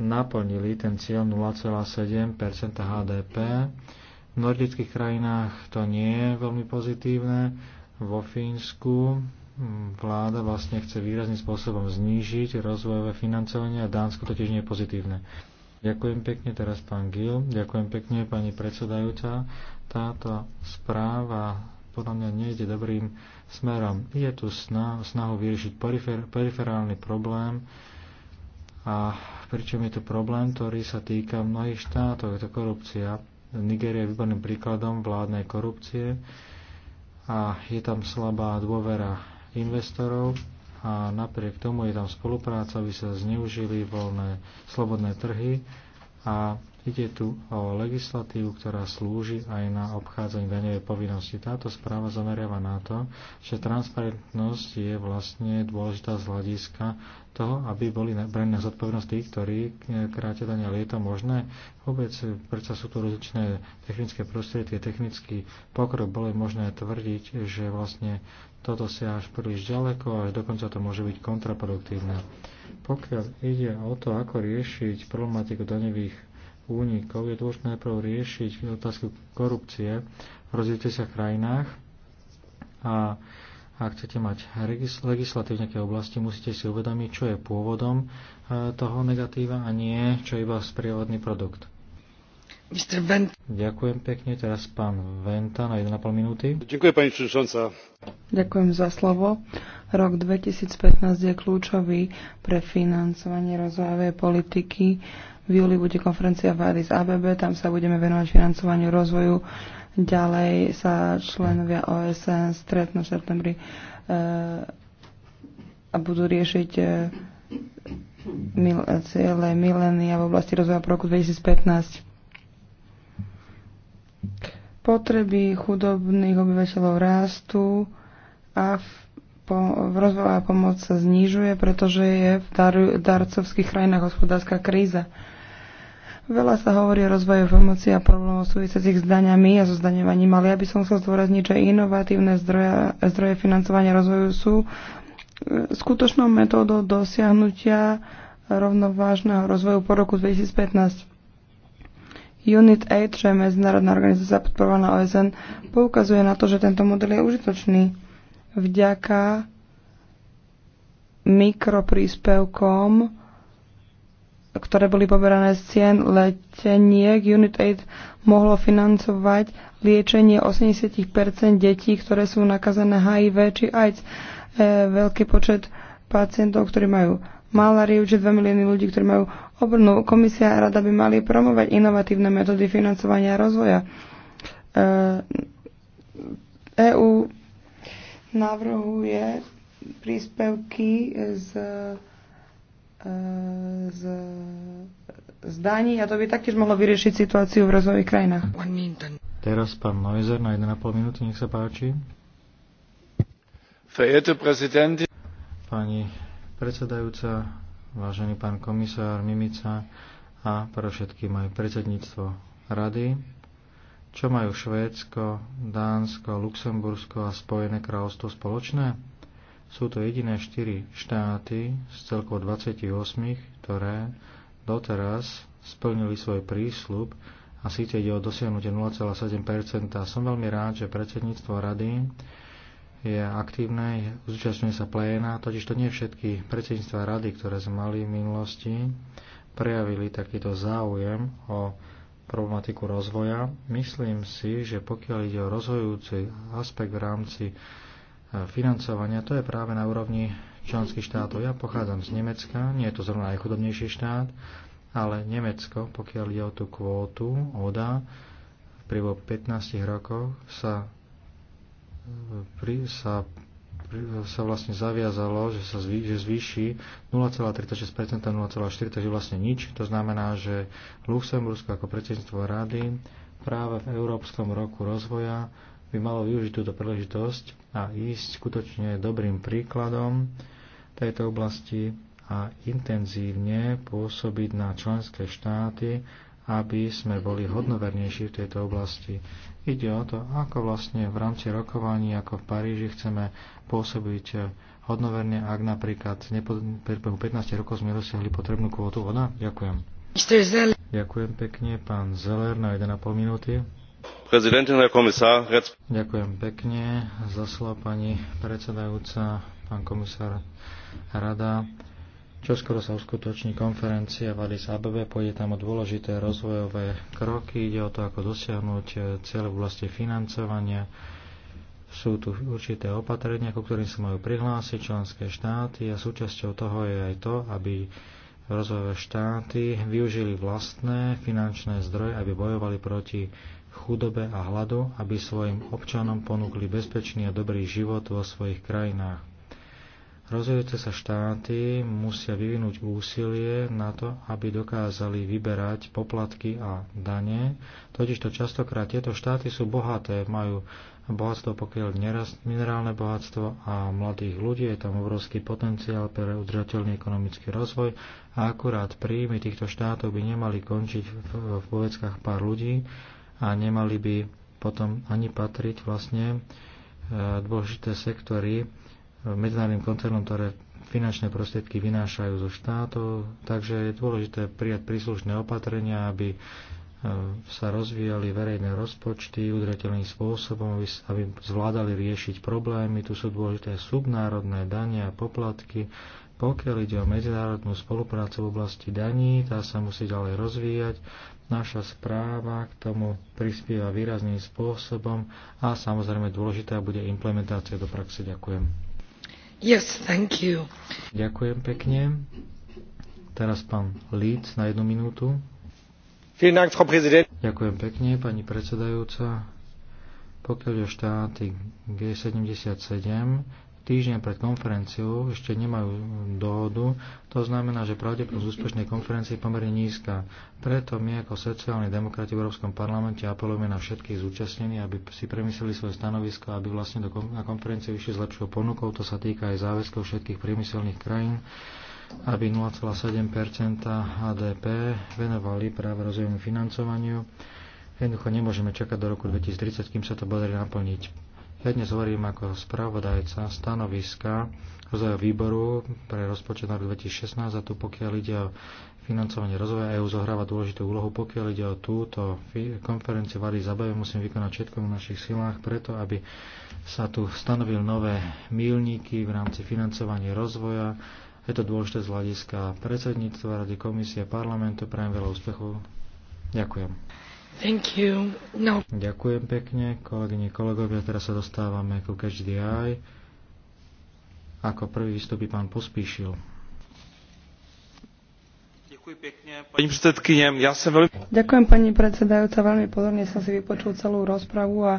naplnili ten cieľ 0,7 HDP. V nordických krajinách to nie je veľmi pozitívne. Vo Fínsku vláda vlastne chce výrazným spôsobom znížiť rozvojové financovanie a Dánsko to tiež nie je pozitívne. Ďakujem pekne teraz pán Gil, ďakujem pekne pani predsedajúca. Táto správa podľa mňa nejde dobrým smerom. Je tu snahu vyriešiť perifer, periferálny problém, a pričom je to problém, ktorý sa týka mnohých štátov, je to korupcia. Nigeria je výborným príkladom vládnej korupcie a je tam slabá dôvera investorov a napriek tomu je tam spolupráca, aby sa zneužili voľné slobodné trhy a Ide tu o legislatívu, ktorá slúži aj na obchádzanie daňovej povinnosti. Táto správa zameriava na to, že transparentnosť je vlastne dôležitá z hľadiska toho, aby boli braní na zodpovednosť tých, ktorí e, kráte dania, je to možné? Vôbec, e, predsa sú tu rozličné technické prostriedky, technický pokrok, bolo možné tvrdiť, že vlastne toto sa až príliš ďaleko, až dokonca to môže byť kontraproduktívne. Pokiaľ ide o to, ako riešiť problematiku daňových únikov, je dôležité najprv riešiť otázku korupcie v rozvíjajúcich sa krajinách a ak chcete mať legislatívne nejaké oblasti, musíte si uvedomiť, čo je pôvodom e, toho negatíva a nie, čo je iba sprievodný produkt. Ďakujem pekne. Teraz pán Venta na 1,5 minúty. Ďakujem, pani Čušanca. Ďakujem za slovo. Rok 2015 je kľúčový pre financovanie rozvojovej politiky v júli bude konferencia v Addis ABB, tam sa budeme venovať financovaniu rozvoju. Ďalej sa členovia OSN stretnú v septembri e, a budú riešiť e, mil, milénia v oblasti rozvoja po roku 2015. Potreby chudobných obyvateľov rástu a v po, rozvojová pomoc sa znižuje, pretože je v dar, darcovských krajinách hospodárska kríza. Veľa sa hovorí o rozvoju pomoci a problémov súvisiacich s daňami a so zdaňovaním, ale ja by som chcel zdôrazniť, že inovatívne zdroje, zdroje financovania rozvoju sú e, skutočnou metódou dosiahnutia rovnovážneho rozvoju po roku 2015. Unit Aid, čo je medzinárodná organizácia podporovaná OSN, poukazuje na to, že tento model je užitočný vďaka mikropríspevkom ktoré boli poberané z cien leteniek. Unit Aid mohlo financovať liečenie 80 detí, ktoré sú nakazané HIV či AIDS. E, veľký počet pacientov, ktorí majú maláriu, či 2 milióny ľudí, ktorí majú obrnú. Komisia a rada by mali promovať inovatívne metódy financovania a rozvoja. EÚ e navrhuje príspevky z z, z daní a to by taktiež mohlo vyriešiť situáciu v rozvojových krajinách. Teraz pán Neuser na 1,5 minúty, nech sa páči. Pani predsedajúca, vážený pán komisár Mimica a pre všetkým aj predsedníctvo rady, čo majú Švédsko, Dánsko, Luxembursko a Spojené kráľovstvo spoločné? Sú to jediné 4 štáty z celkovo 28, ktoré doteraz splnili svoj prísľub a síce ide o dosiahnutie 0,7 Som veľmi rád, že predsedníctvo rady je aktívne, zúčastňuje sa pléna, totiž to nie všetky predsedníctva rady, ktoré sme mali v minulosti, prejavili takýto záujem o problematiku rozvoja. Myslím si, že pokiaľ ide o rozvojujúci aspekt v rámci financovania, to je práve na úrovni členských štátov. Ja pochádzam z Nemecka, nie je to zrovna najchudobnejší štát, ale Nemecko, pokiaľ ide o tú kvótu, ODA, pri 15 rokoch sa, pri, sa, pri, sa vlastne zaviazalo, že sa zvý, že zvýši 0,36% a 0,4%, takže vlastne nič. To znamená, že Luxembursko ako predsedníctvo rady práve v Európskom roku rozvoja by malo využiť túto príležitosť a ísť skutočne dobrým príkladom tejto oblasti a intenzívne pôsobiť na členské štáty, aby sme boli hodnovernejší v tejto oblasti. Ide o to, ako vlastne v rámci rokovaní, ako v Paríži, chceme pôsobiť hodnoverne, ak napríklad priebehu 15 rokov sme dosiahli potrebnú kvotu. voda. Ďakujem. Ďakujem pekne, pán Zeller, na 1,5 minúty. Ďakujem pekne za slovo pani predsedajúca, pán komisár Rada. Čoskoro sa uskutoční konferencia v Addis Abebe, pôjde tam o dôležité rozvojové kroky, ide o to, ako dosiahnuť cieľ v oblasti financovania. Sú tu určité opatrenia, ku ktorým sa majú prihlásiť členské štáty a súčasťou toho je aj to, aby rozvojové štáty využili vlastné finančné zdroje, aby bojovali proti chudobe a hladu, aby svojim občanom ponúkli bezpečný a dobrý život vo svojich krajinách. Rozvojúce sa štáty musia vyvinúť úsilie na to, aby dokázali vyberať poplatky a dane, totižto častokrát tieto štáty sú bohaté, majú bohatstvo pokiaľ nerast, minerálne bohatstvo a mladých ľudí, je tam obrovský potenciál pre udržateľný ekonomický rozvoj a akurát príjmy týchto štátov by nemali končiť v, v povedzkách pár ľudí, a nemali by potom ani patriť vlastne e, dôležité sektory medzinárodným koncernom, ktoré finančné prostriedky vynášajú zo štátov, takže je dôležité prijať príslušné opatrenia, aby e, sa rozvíjali verejné rozpočty udrateľným spôsobom, aby zvládali riešiť problémy. Tu sú dôležité subnárodné dania a poplatky, pokiaľ ide o medzinárodnú spoluprácu v oblasti daní, tá sa musí ďalej rozvíjať. Naša správa k tomu prispieva výrazným spôsobom a samozrejme dôležitá bude implementácia do praxe. Ďakujem. Yes, thank you. Ďakujem pekne. Teraz pán Líc na jednu minútu. Ďakujem pekne, pani predsedajúca. Pokiaľ je štáty G77, týždeň pred konferenciou ešte nemajú dohodu, to znamená, že pravdepodobnosť úspešnej konferencie je pomerne nízka. Preto my ako sociálni demokrati v Európskom parlamente apelujeme na všetkých zúčastnení, aby si premysleli svoje stanovisko, aby vlastne do na konferencie vyšli s lepšou ponukou, to sa týka aj záväzkov všetkých priemyselných krajín, aby 0,7 HDP venovali práve rozvojovému financovaniu. Jednoducho nemôžeme čakať do roku 2030, kým sa to podarí naplniť. Ja dnes hovorím ako spravodajca stanoviska rozvoja výboru pre rozpočet na rok 2016 a tu pokiaľ ide o financovanie rozvoja EÚ zohráva dôležitú úlohu. Pokiaľ ide o túto konferenciu vary zabave, musím vykonať všetko v našich silách preto, aby sa tu stanovil nové mílniky v rámci financovania rozvoja. Je to dôležité z hľadiska predsedníctva Rady komisie parlamentu. Prajem veľa úspechov. Ďakujem. Thank you. No. Ďakujem pekne, kolegyne, kolegovia. Teraz sa dostávame ku Catch the Eye. Ako prvý vystupí pán Pospíšil. Ďakujem pani predsedajúca. Veľmi pozorne som si vypočul celú rozpravu a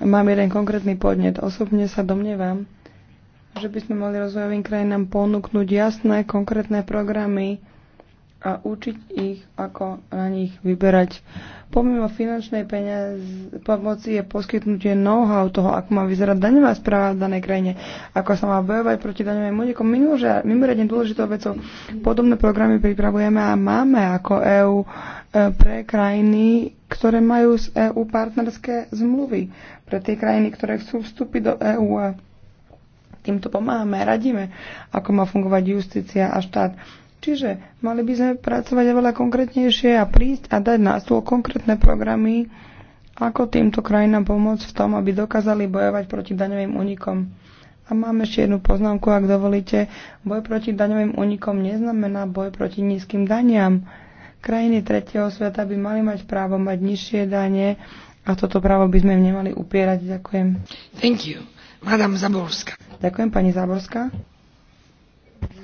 mám jeden konkrétny podnet. Osobne sa domnievam, že by sme mohli rozvojovým krajinám ponúknuť jasné, konkrétne programy, a učiť ich, ako na nich vyberať. Pomimo finančnej peniaz, pomoci je poskytnutie know-how toho, ako má vyzerať daňová správa v danej krajine, ako sa má bojovať proti daňovým únikom. Mimoriadne dôležitou vecou podobné programy pripravujeme a máme ako EÚ e, pre krajiny, ktoré majú z EÚ partnerské zmluvy. Pre tie krajiny, ktoré chcú vstúpiť do EÚ a týmto pomáhame, radíme, ako má fungovať justícia a štát Čiže mali by sme pracovať oveľa konkrétnejšie a prísť a dať na stôl konkrétne programy, ako týmto krajinám pomôcť v tom, aby dokázali bojovať proti daňovým únikom. A mám ešte jednu poznámku, ak dovolíte. Boj proti daňovým únikom neznamená boj proti nízkym daniam. Krajiny tretieho sveta by mali mať právo mať nižšie dane a toto právo by sme im nemali upierať. Ďakujem. Thank you. Madame Zaborska. Ďakujem, pani Zaborska.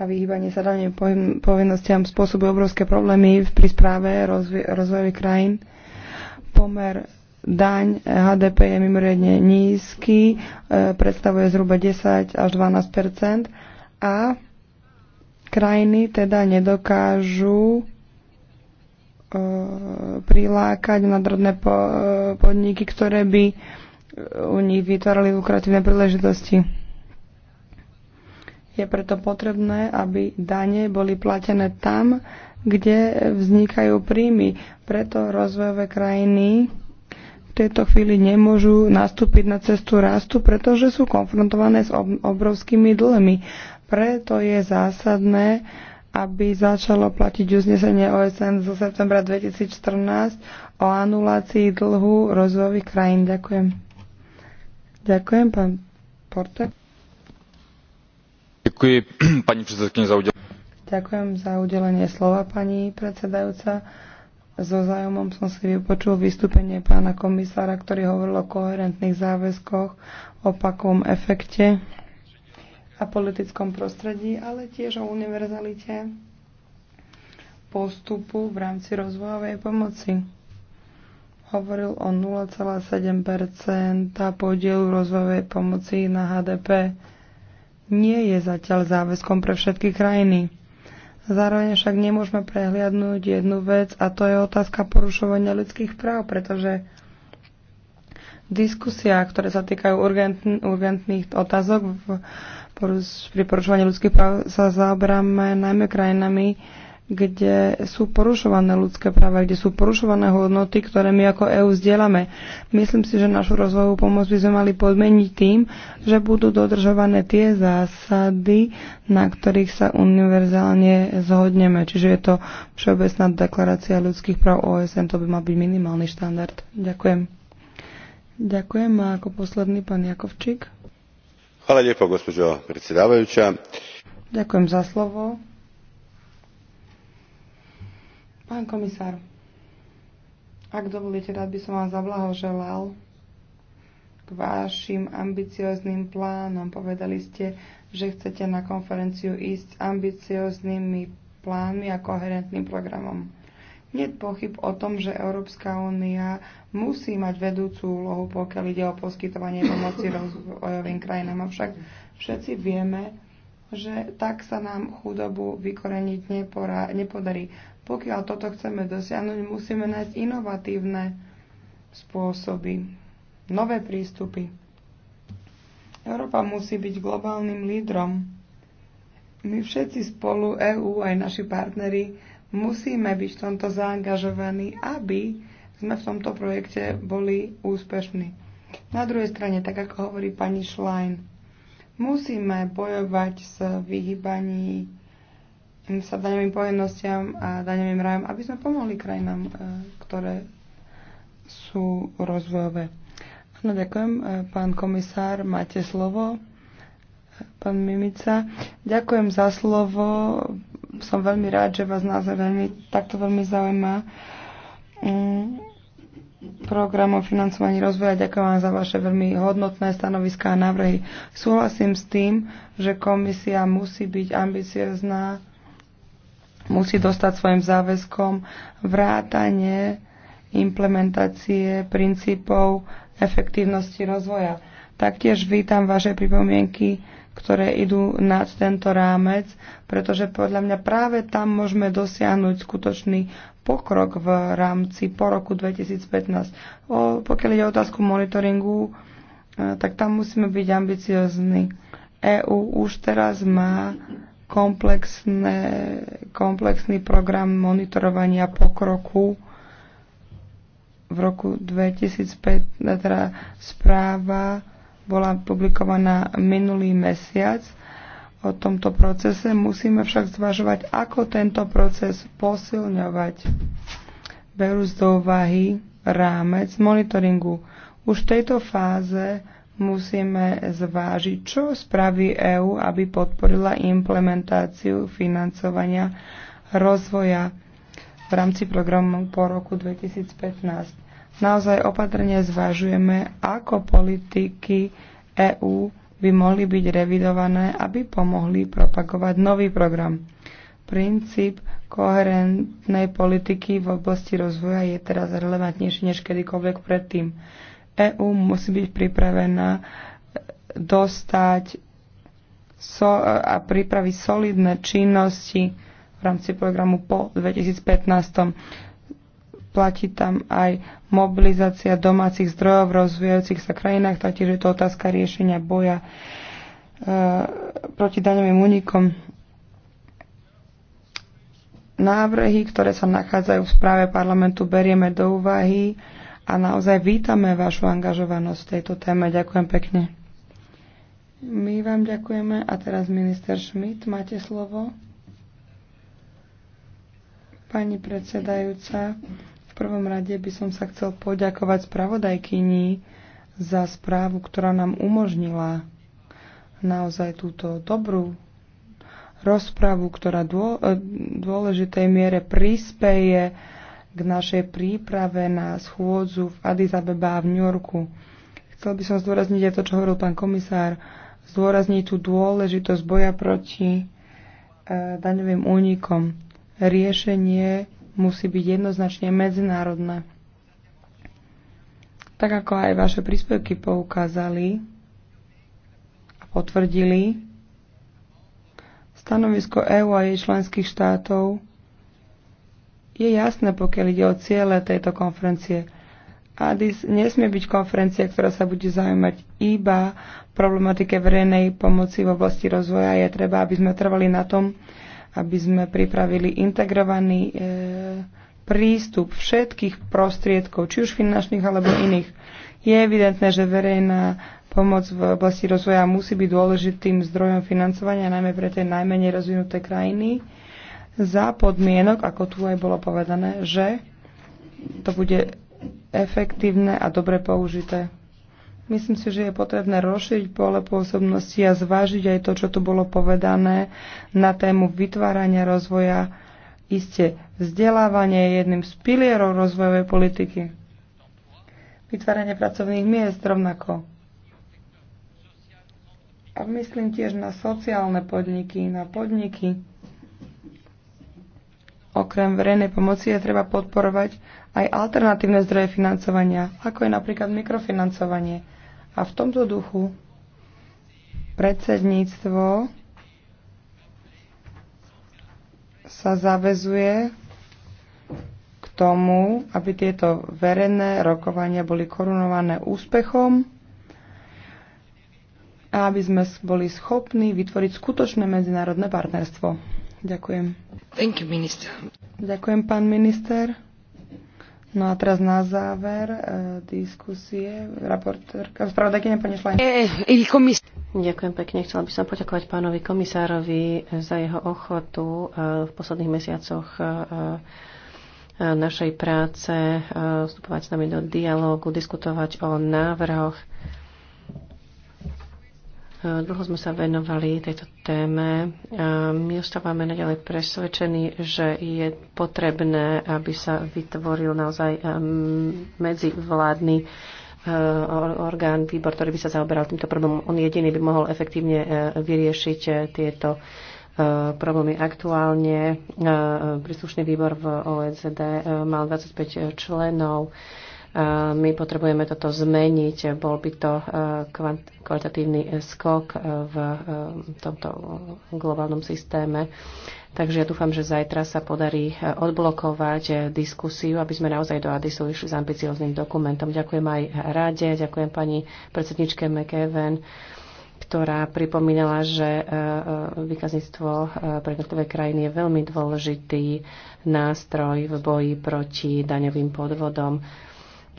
a vyhýbanie sa daným povinnostiam spôsobuje obrovské problémy pri správe rozvojových krajín. Pomer daň HDP je mimoriadne nízky, e, predstavuje zhruba 10 až 12 a krajiny teda nedokážu e, prilákať nadrodné e, podniky, ktoré by u nich vytvárali lukratívne príležitosti. Je preto potrebné, aby dane boli platené tam, kde vznikajú príjmy. Preto rozvojové krajiny v tejto chvíli nemôžu nastúpiť na cestu rastu, pretože sú konfrontované s obrovskými dlhmi. Preto je zásadné, aby začalo platiť uznesenie OSN zo septembra 2014 o anulácii dlhu rozvojových krajín. Ďakujem. Ďakujem, pán Porter. [CLEARS THROAT] Ďakujem, pani za udelenie slova, pani predsedajúca. So zájomom som si vypočul vystúpenie pána komisára, ktorý hovoril o koherentných záväzkoch, opakovom efekte a politickom prostredí, ale tiež o univerzalite postupu v rámci rozvojovej pomoci. Hovoril o 0,7 podielu rozvojovej pomoci na HDP nie je zatiaľ záväzkom pre všetky krajiny. Zároveň však nemôžeme prehliadnúť jednu vec a to je otázka porušovania ľudských práv, pretože diskusia, ktoré sa týkajú urgentn- urgentných otázok v, pri porušovaní ľudských práv sa zaoberáme najmä krajinami, kde sú porušované ľudské práva, kde sú porušované hodnoty, ktoré my ako EÚ zdieľame. Myslím si, že našu rozvojovú pomoc by sme mali podmeniť tým, že budú dodržované tie zásady, na ktorých sa univerzálne zhodneme. Čiže je to Všeobecná deklarácia ľudských práv OSN, to by mal byť minimálny štandard. Ďakujem. Ďakujem a ako posledný pán Jakovčík. Hvala lepo, gospođo predsjedavajuća. Ďakujem za slovo Pán komisár, ak dovolíte, rád by som vám zablahoželal k vašim ambiciozným plánom. Povedali ste, že chcete na konferenciu ísť s ambicioznými plánmi a koherentným programom. Nie pochyb o tom, že Európska únia musí mať vedúcu úlohu, pokiaľ ide o poskytovanie pomoci [COUGHS] rozvojovým krajinám. Avšak všetci vieme, že tak sa nám chudobu vykoreniť nepodarí. Pokiaľ toto chceme dosiahnuť, musíme nájsť inovatívne spôsoby, nové prístupy. Európa musí byť globálnym lídrom. My všetci spolu, EÚ aj naši partnery, musíme byť v tomto zaangažovaní, aby sme v tomto projekte boli úspešní. Na druhej strane, tak ako hovorí pani Schlein, musíme bojovať s vyhybaním sa daňovým povinnostiam a daňovým rajom, aby sme pomohli krajinám, e, ktoré sú rozvojové. No, ďakujem. E, pán komisár, máte slovo. E, pán Mimica, ďakujem za slovo. Som veľmi rád, že vás naozaj veľmi, takto veľmi zaujíma mm, program o financovaní rozvoja. Ďakujem vám za vaše veľmi hodnotné stanoviská a návrhy. Súhlasím s tým, že komisia musí byť ambiciozná musí dostať svojim záväzkom vrátanie implementácie princípov efektívnosti rozvoja. Taktiež vítam vaše pripomienky, ktoré idú nad tento rámec, pretože podľa mňa práve tam môžeme dosiahnuť skutočný pokrok v rámci po roku 2015. O, pokiaľ ide o otázku monitoringu, e, tak tam musíme byť ambiciozni. EÚ už teraz má komplexné, komplexný program monitorovania pokroku v roku 2005, eh, teda správa bola publikovaná minulý mesiac o tomto procese. Musíme však zvažovať, ako tento proces posilňovať. Berú z do úvahy rámec monitoringu. Už v tejto fáze musíme zvážiť, čo spraví EÚ, aby podporila implementáciu financovania rozvoja v rámci programu po roku 2015. Naozaj opatrne zvážujeme, ako politiky EÚ by mohli byť revidované, aby pomohli propagovať nový program. Princíp koherentnej politiky v oblasti rozvoja je teraz relevantnejší než kedykoľvek predtým. EÚ musí byť pripravená e, dostať so, a pripraviť solidné činnosti v rámci programu po 2015. Platí tam aj mobilizácia domácich zdrojov v rozvíjajúcich sa krajinách, taktiež je to otázka riešenia boja e, proti daňovým únikom. Návrhy, ktoré sa nachádzajú v správe parlamentu, berieme do úvahy. E, a naozaj vítame vašu angažovanosť v tejto téme. Ďakujem pekne. My vám ďakujeme a teraz minister Schmidt, máte slovo. Pani predsedajúca, v prvom rade by som sa chcel poďakovať spravodajkyni za správu, ktorá nám umožnila naozaj túto dobrú rozpravu, ktorá dô, e, dôležitej miere prispeje k našej príprave na schôdzu v Addis Abeba a v New Yorku. Chcel by som zdôrazniť aj to, čo hovoril pán komisár, zdôrazniť tú dôležitosť boja proti e, daňovým únikom. Riešenie musí byť jednoznačne medzinárodné. Tak ako aj vaše príspevky poukázali a potvrdili, stanovisko EÚ a jej členských štátov je jasné, pokiaľ ide o ciele tejto konferencie. ADIS nesmie byť konferencia, ktorá sa bude zaujímať iba problematike verejnej pomoci v oblasti rozvoja. Je treba, aby sme trvali na tom, aby sme pripravili integrovaný e, prístup všetkých prostriedkov, či už finančných alebo iných. Je evidentné, že verejná pomoc v oblasti rozvoja musí byť dôležitým zdrojom financovania, najmä pre tie najmenej rozvinuté krajiny. E, za podmienok, ako tu aj bolo povedané, že to bude efektívne a dobre použité. Myslím si, že je potrebné rozšíriť pole pôsobnosti a zvážiť aj to, čo tu bolo povedané na tému vytvárania rozvoja. Isté vzdelávanie je jedným z pilierov rozvojovej politiky. Vytváranie pracovných miest rovnako. A myslím tiež na sociálne podniky, na podniky, Okrem verejnej pomoci je treba podporovať aj alternatívne zdroje financovania, ako je napríklad mikrofinancovanie. A v tomto duchu predsedníctvo sa zavezuje k tomu, aby tieto verejné rokovania boli korunované úspechom a aby sme boli schopní vytvoriť skutočné medzinárodné partnerstvo. Ďakujem. Thank you, minister. Ďakujem, pán minister. No a teraz na záver e, diskusie. Raportérka, spravodajkynia pani Šlajn. E, e, Ďakujem pekne. Chcela by som poďakovať pánovi komisárovi e, za jeho ochotu e, v posledných mesiacoch e, našej práce, vstupovať s nami do dialógu, diskutovať o návrhoch Eh, dlho sme sa venovali tejto téme. Eh, my ostávame naďalej presvedčení, že je potrebné, aby sa vytvoril naozaj eh, medzivládny orgán, výbor, ktorý by sa zaoberal týmto problémom. On jediný by mohol efektívne vyriešiť tieto problémy. Aktuálne príslušný výbor v OECD mal 25 členov my potrebujeme toto zmeniť. Bol by to e, kvalitatívny skok e, v e, tomto globálnom systéme. Takže ja dúfam, že zajtra sa podarí odblokovať diskusiu, aby sme naozaj do Adisu išli s ambicióznym dokumentom. Ďakujem aj rade, ďakujem pani predsedničke McEwen ktorá pripomínala, že výkazníctvo pre jednotlivé krajiny je veľmi dôležitý nástroj v boji proti daňovým podvodom.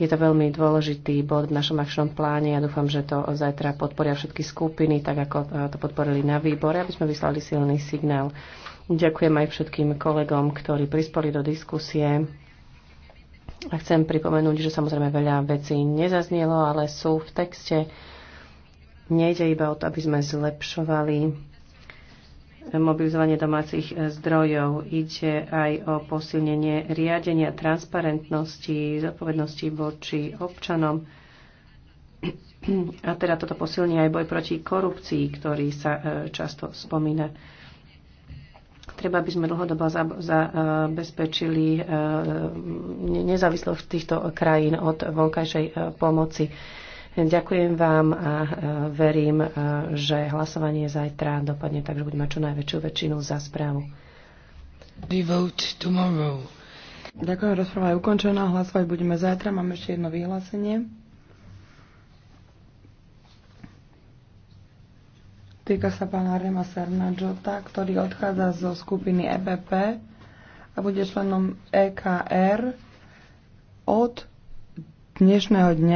Je to veľmi dôležitý bod v našom akčnom pláne. Ja dúfam, že to zajtra podporia všetky skupiny, tak ako e, to podporili na výbore, aby sme vyslali silný signál. Ďakujem aj všetkým kolegom, ktorí prispoli do diskusie. A chcem pripomenúť, že samozrejme veľa vecí nezaznielo, ale sú v texte. Nejde iba o to, aby sme zlepšovali mobilizovanie domácich e, zdrojov. Ide aj o posilnenie riadenia transparentnosti, zodpovednosti voči občanom. A teda toto posilní aj boj proti korupcii, ktorý sa e, často spomína. Treba, aby sme dlhodobo zabezpečili e, nezávislosť týchto krajín od vonkajšej pomoci Ďakujem vám a e, verím, e, že hlasovanie zajtra dopadne tak, že budeme čo najväčšiu väčšinu za správu. Ďakujem, rozpráva je ukončená. Hlasovať budeme zajtra. Máme ešte jedno vyhlásenie. Týka sa pána Rema Sernadžota, ktorý odchádza zo skupiny EPP a bude členom EKR od dnešného dňa.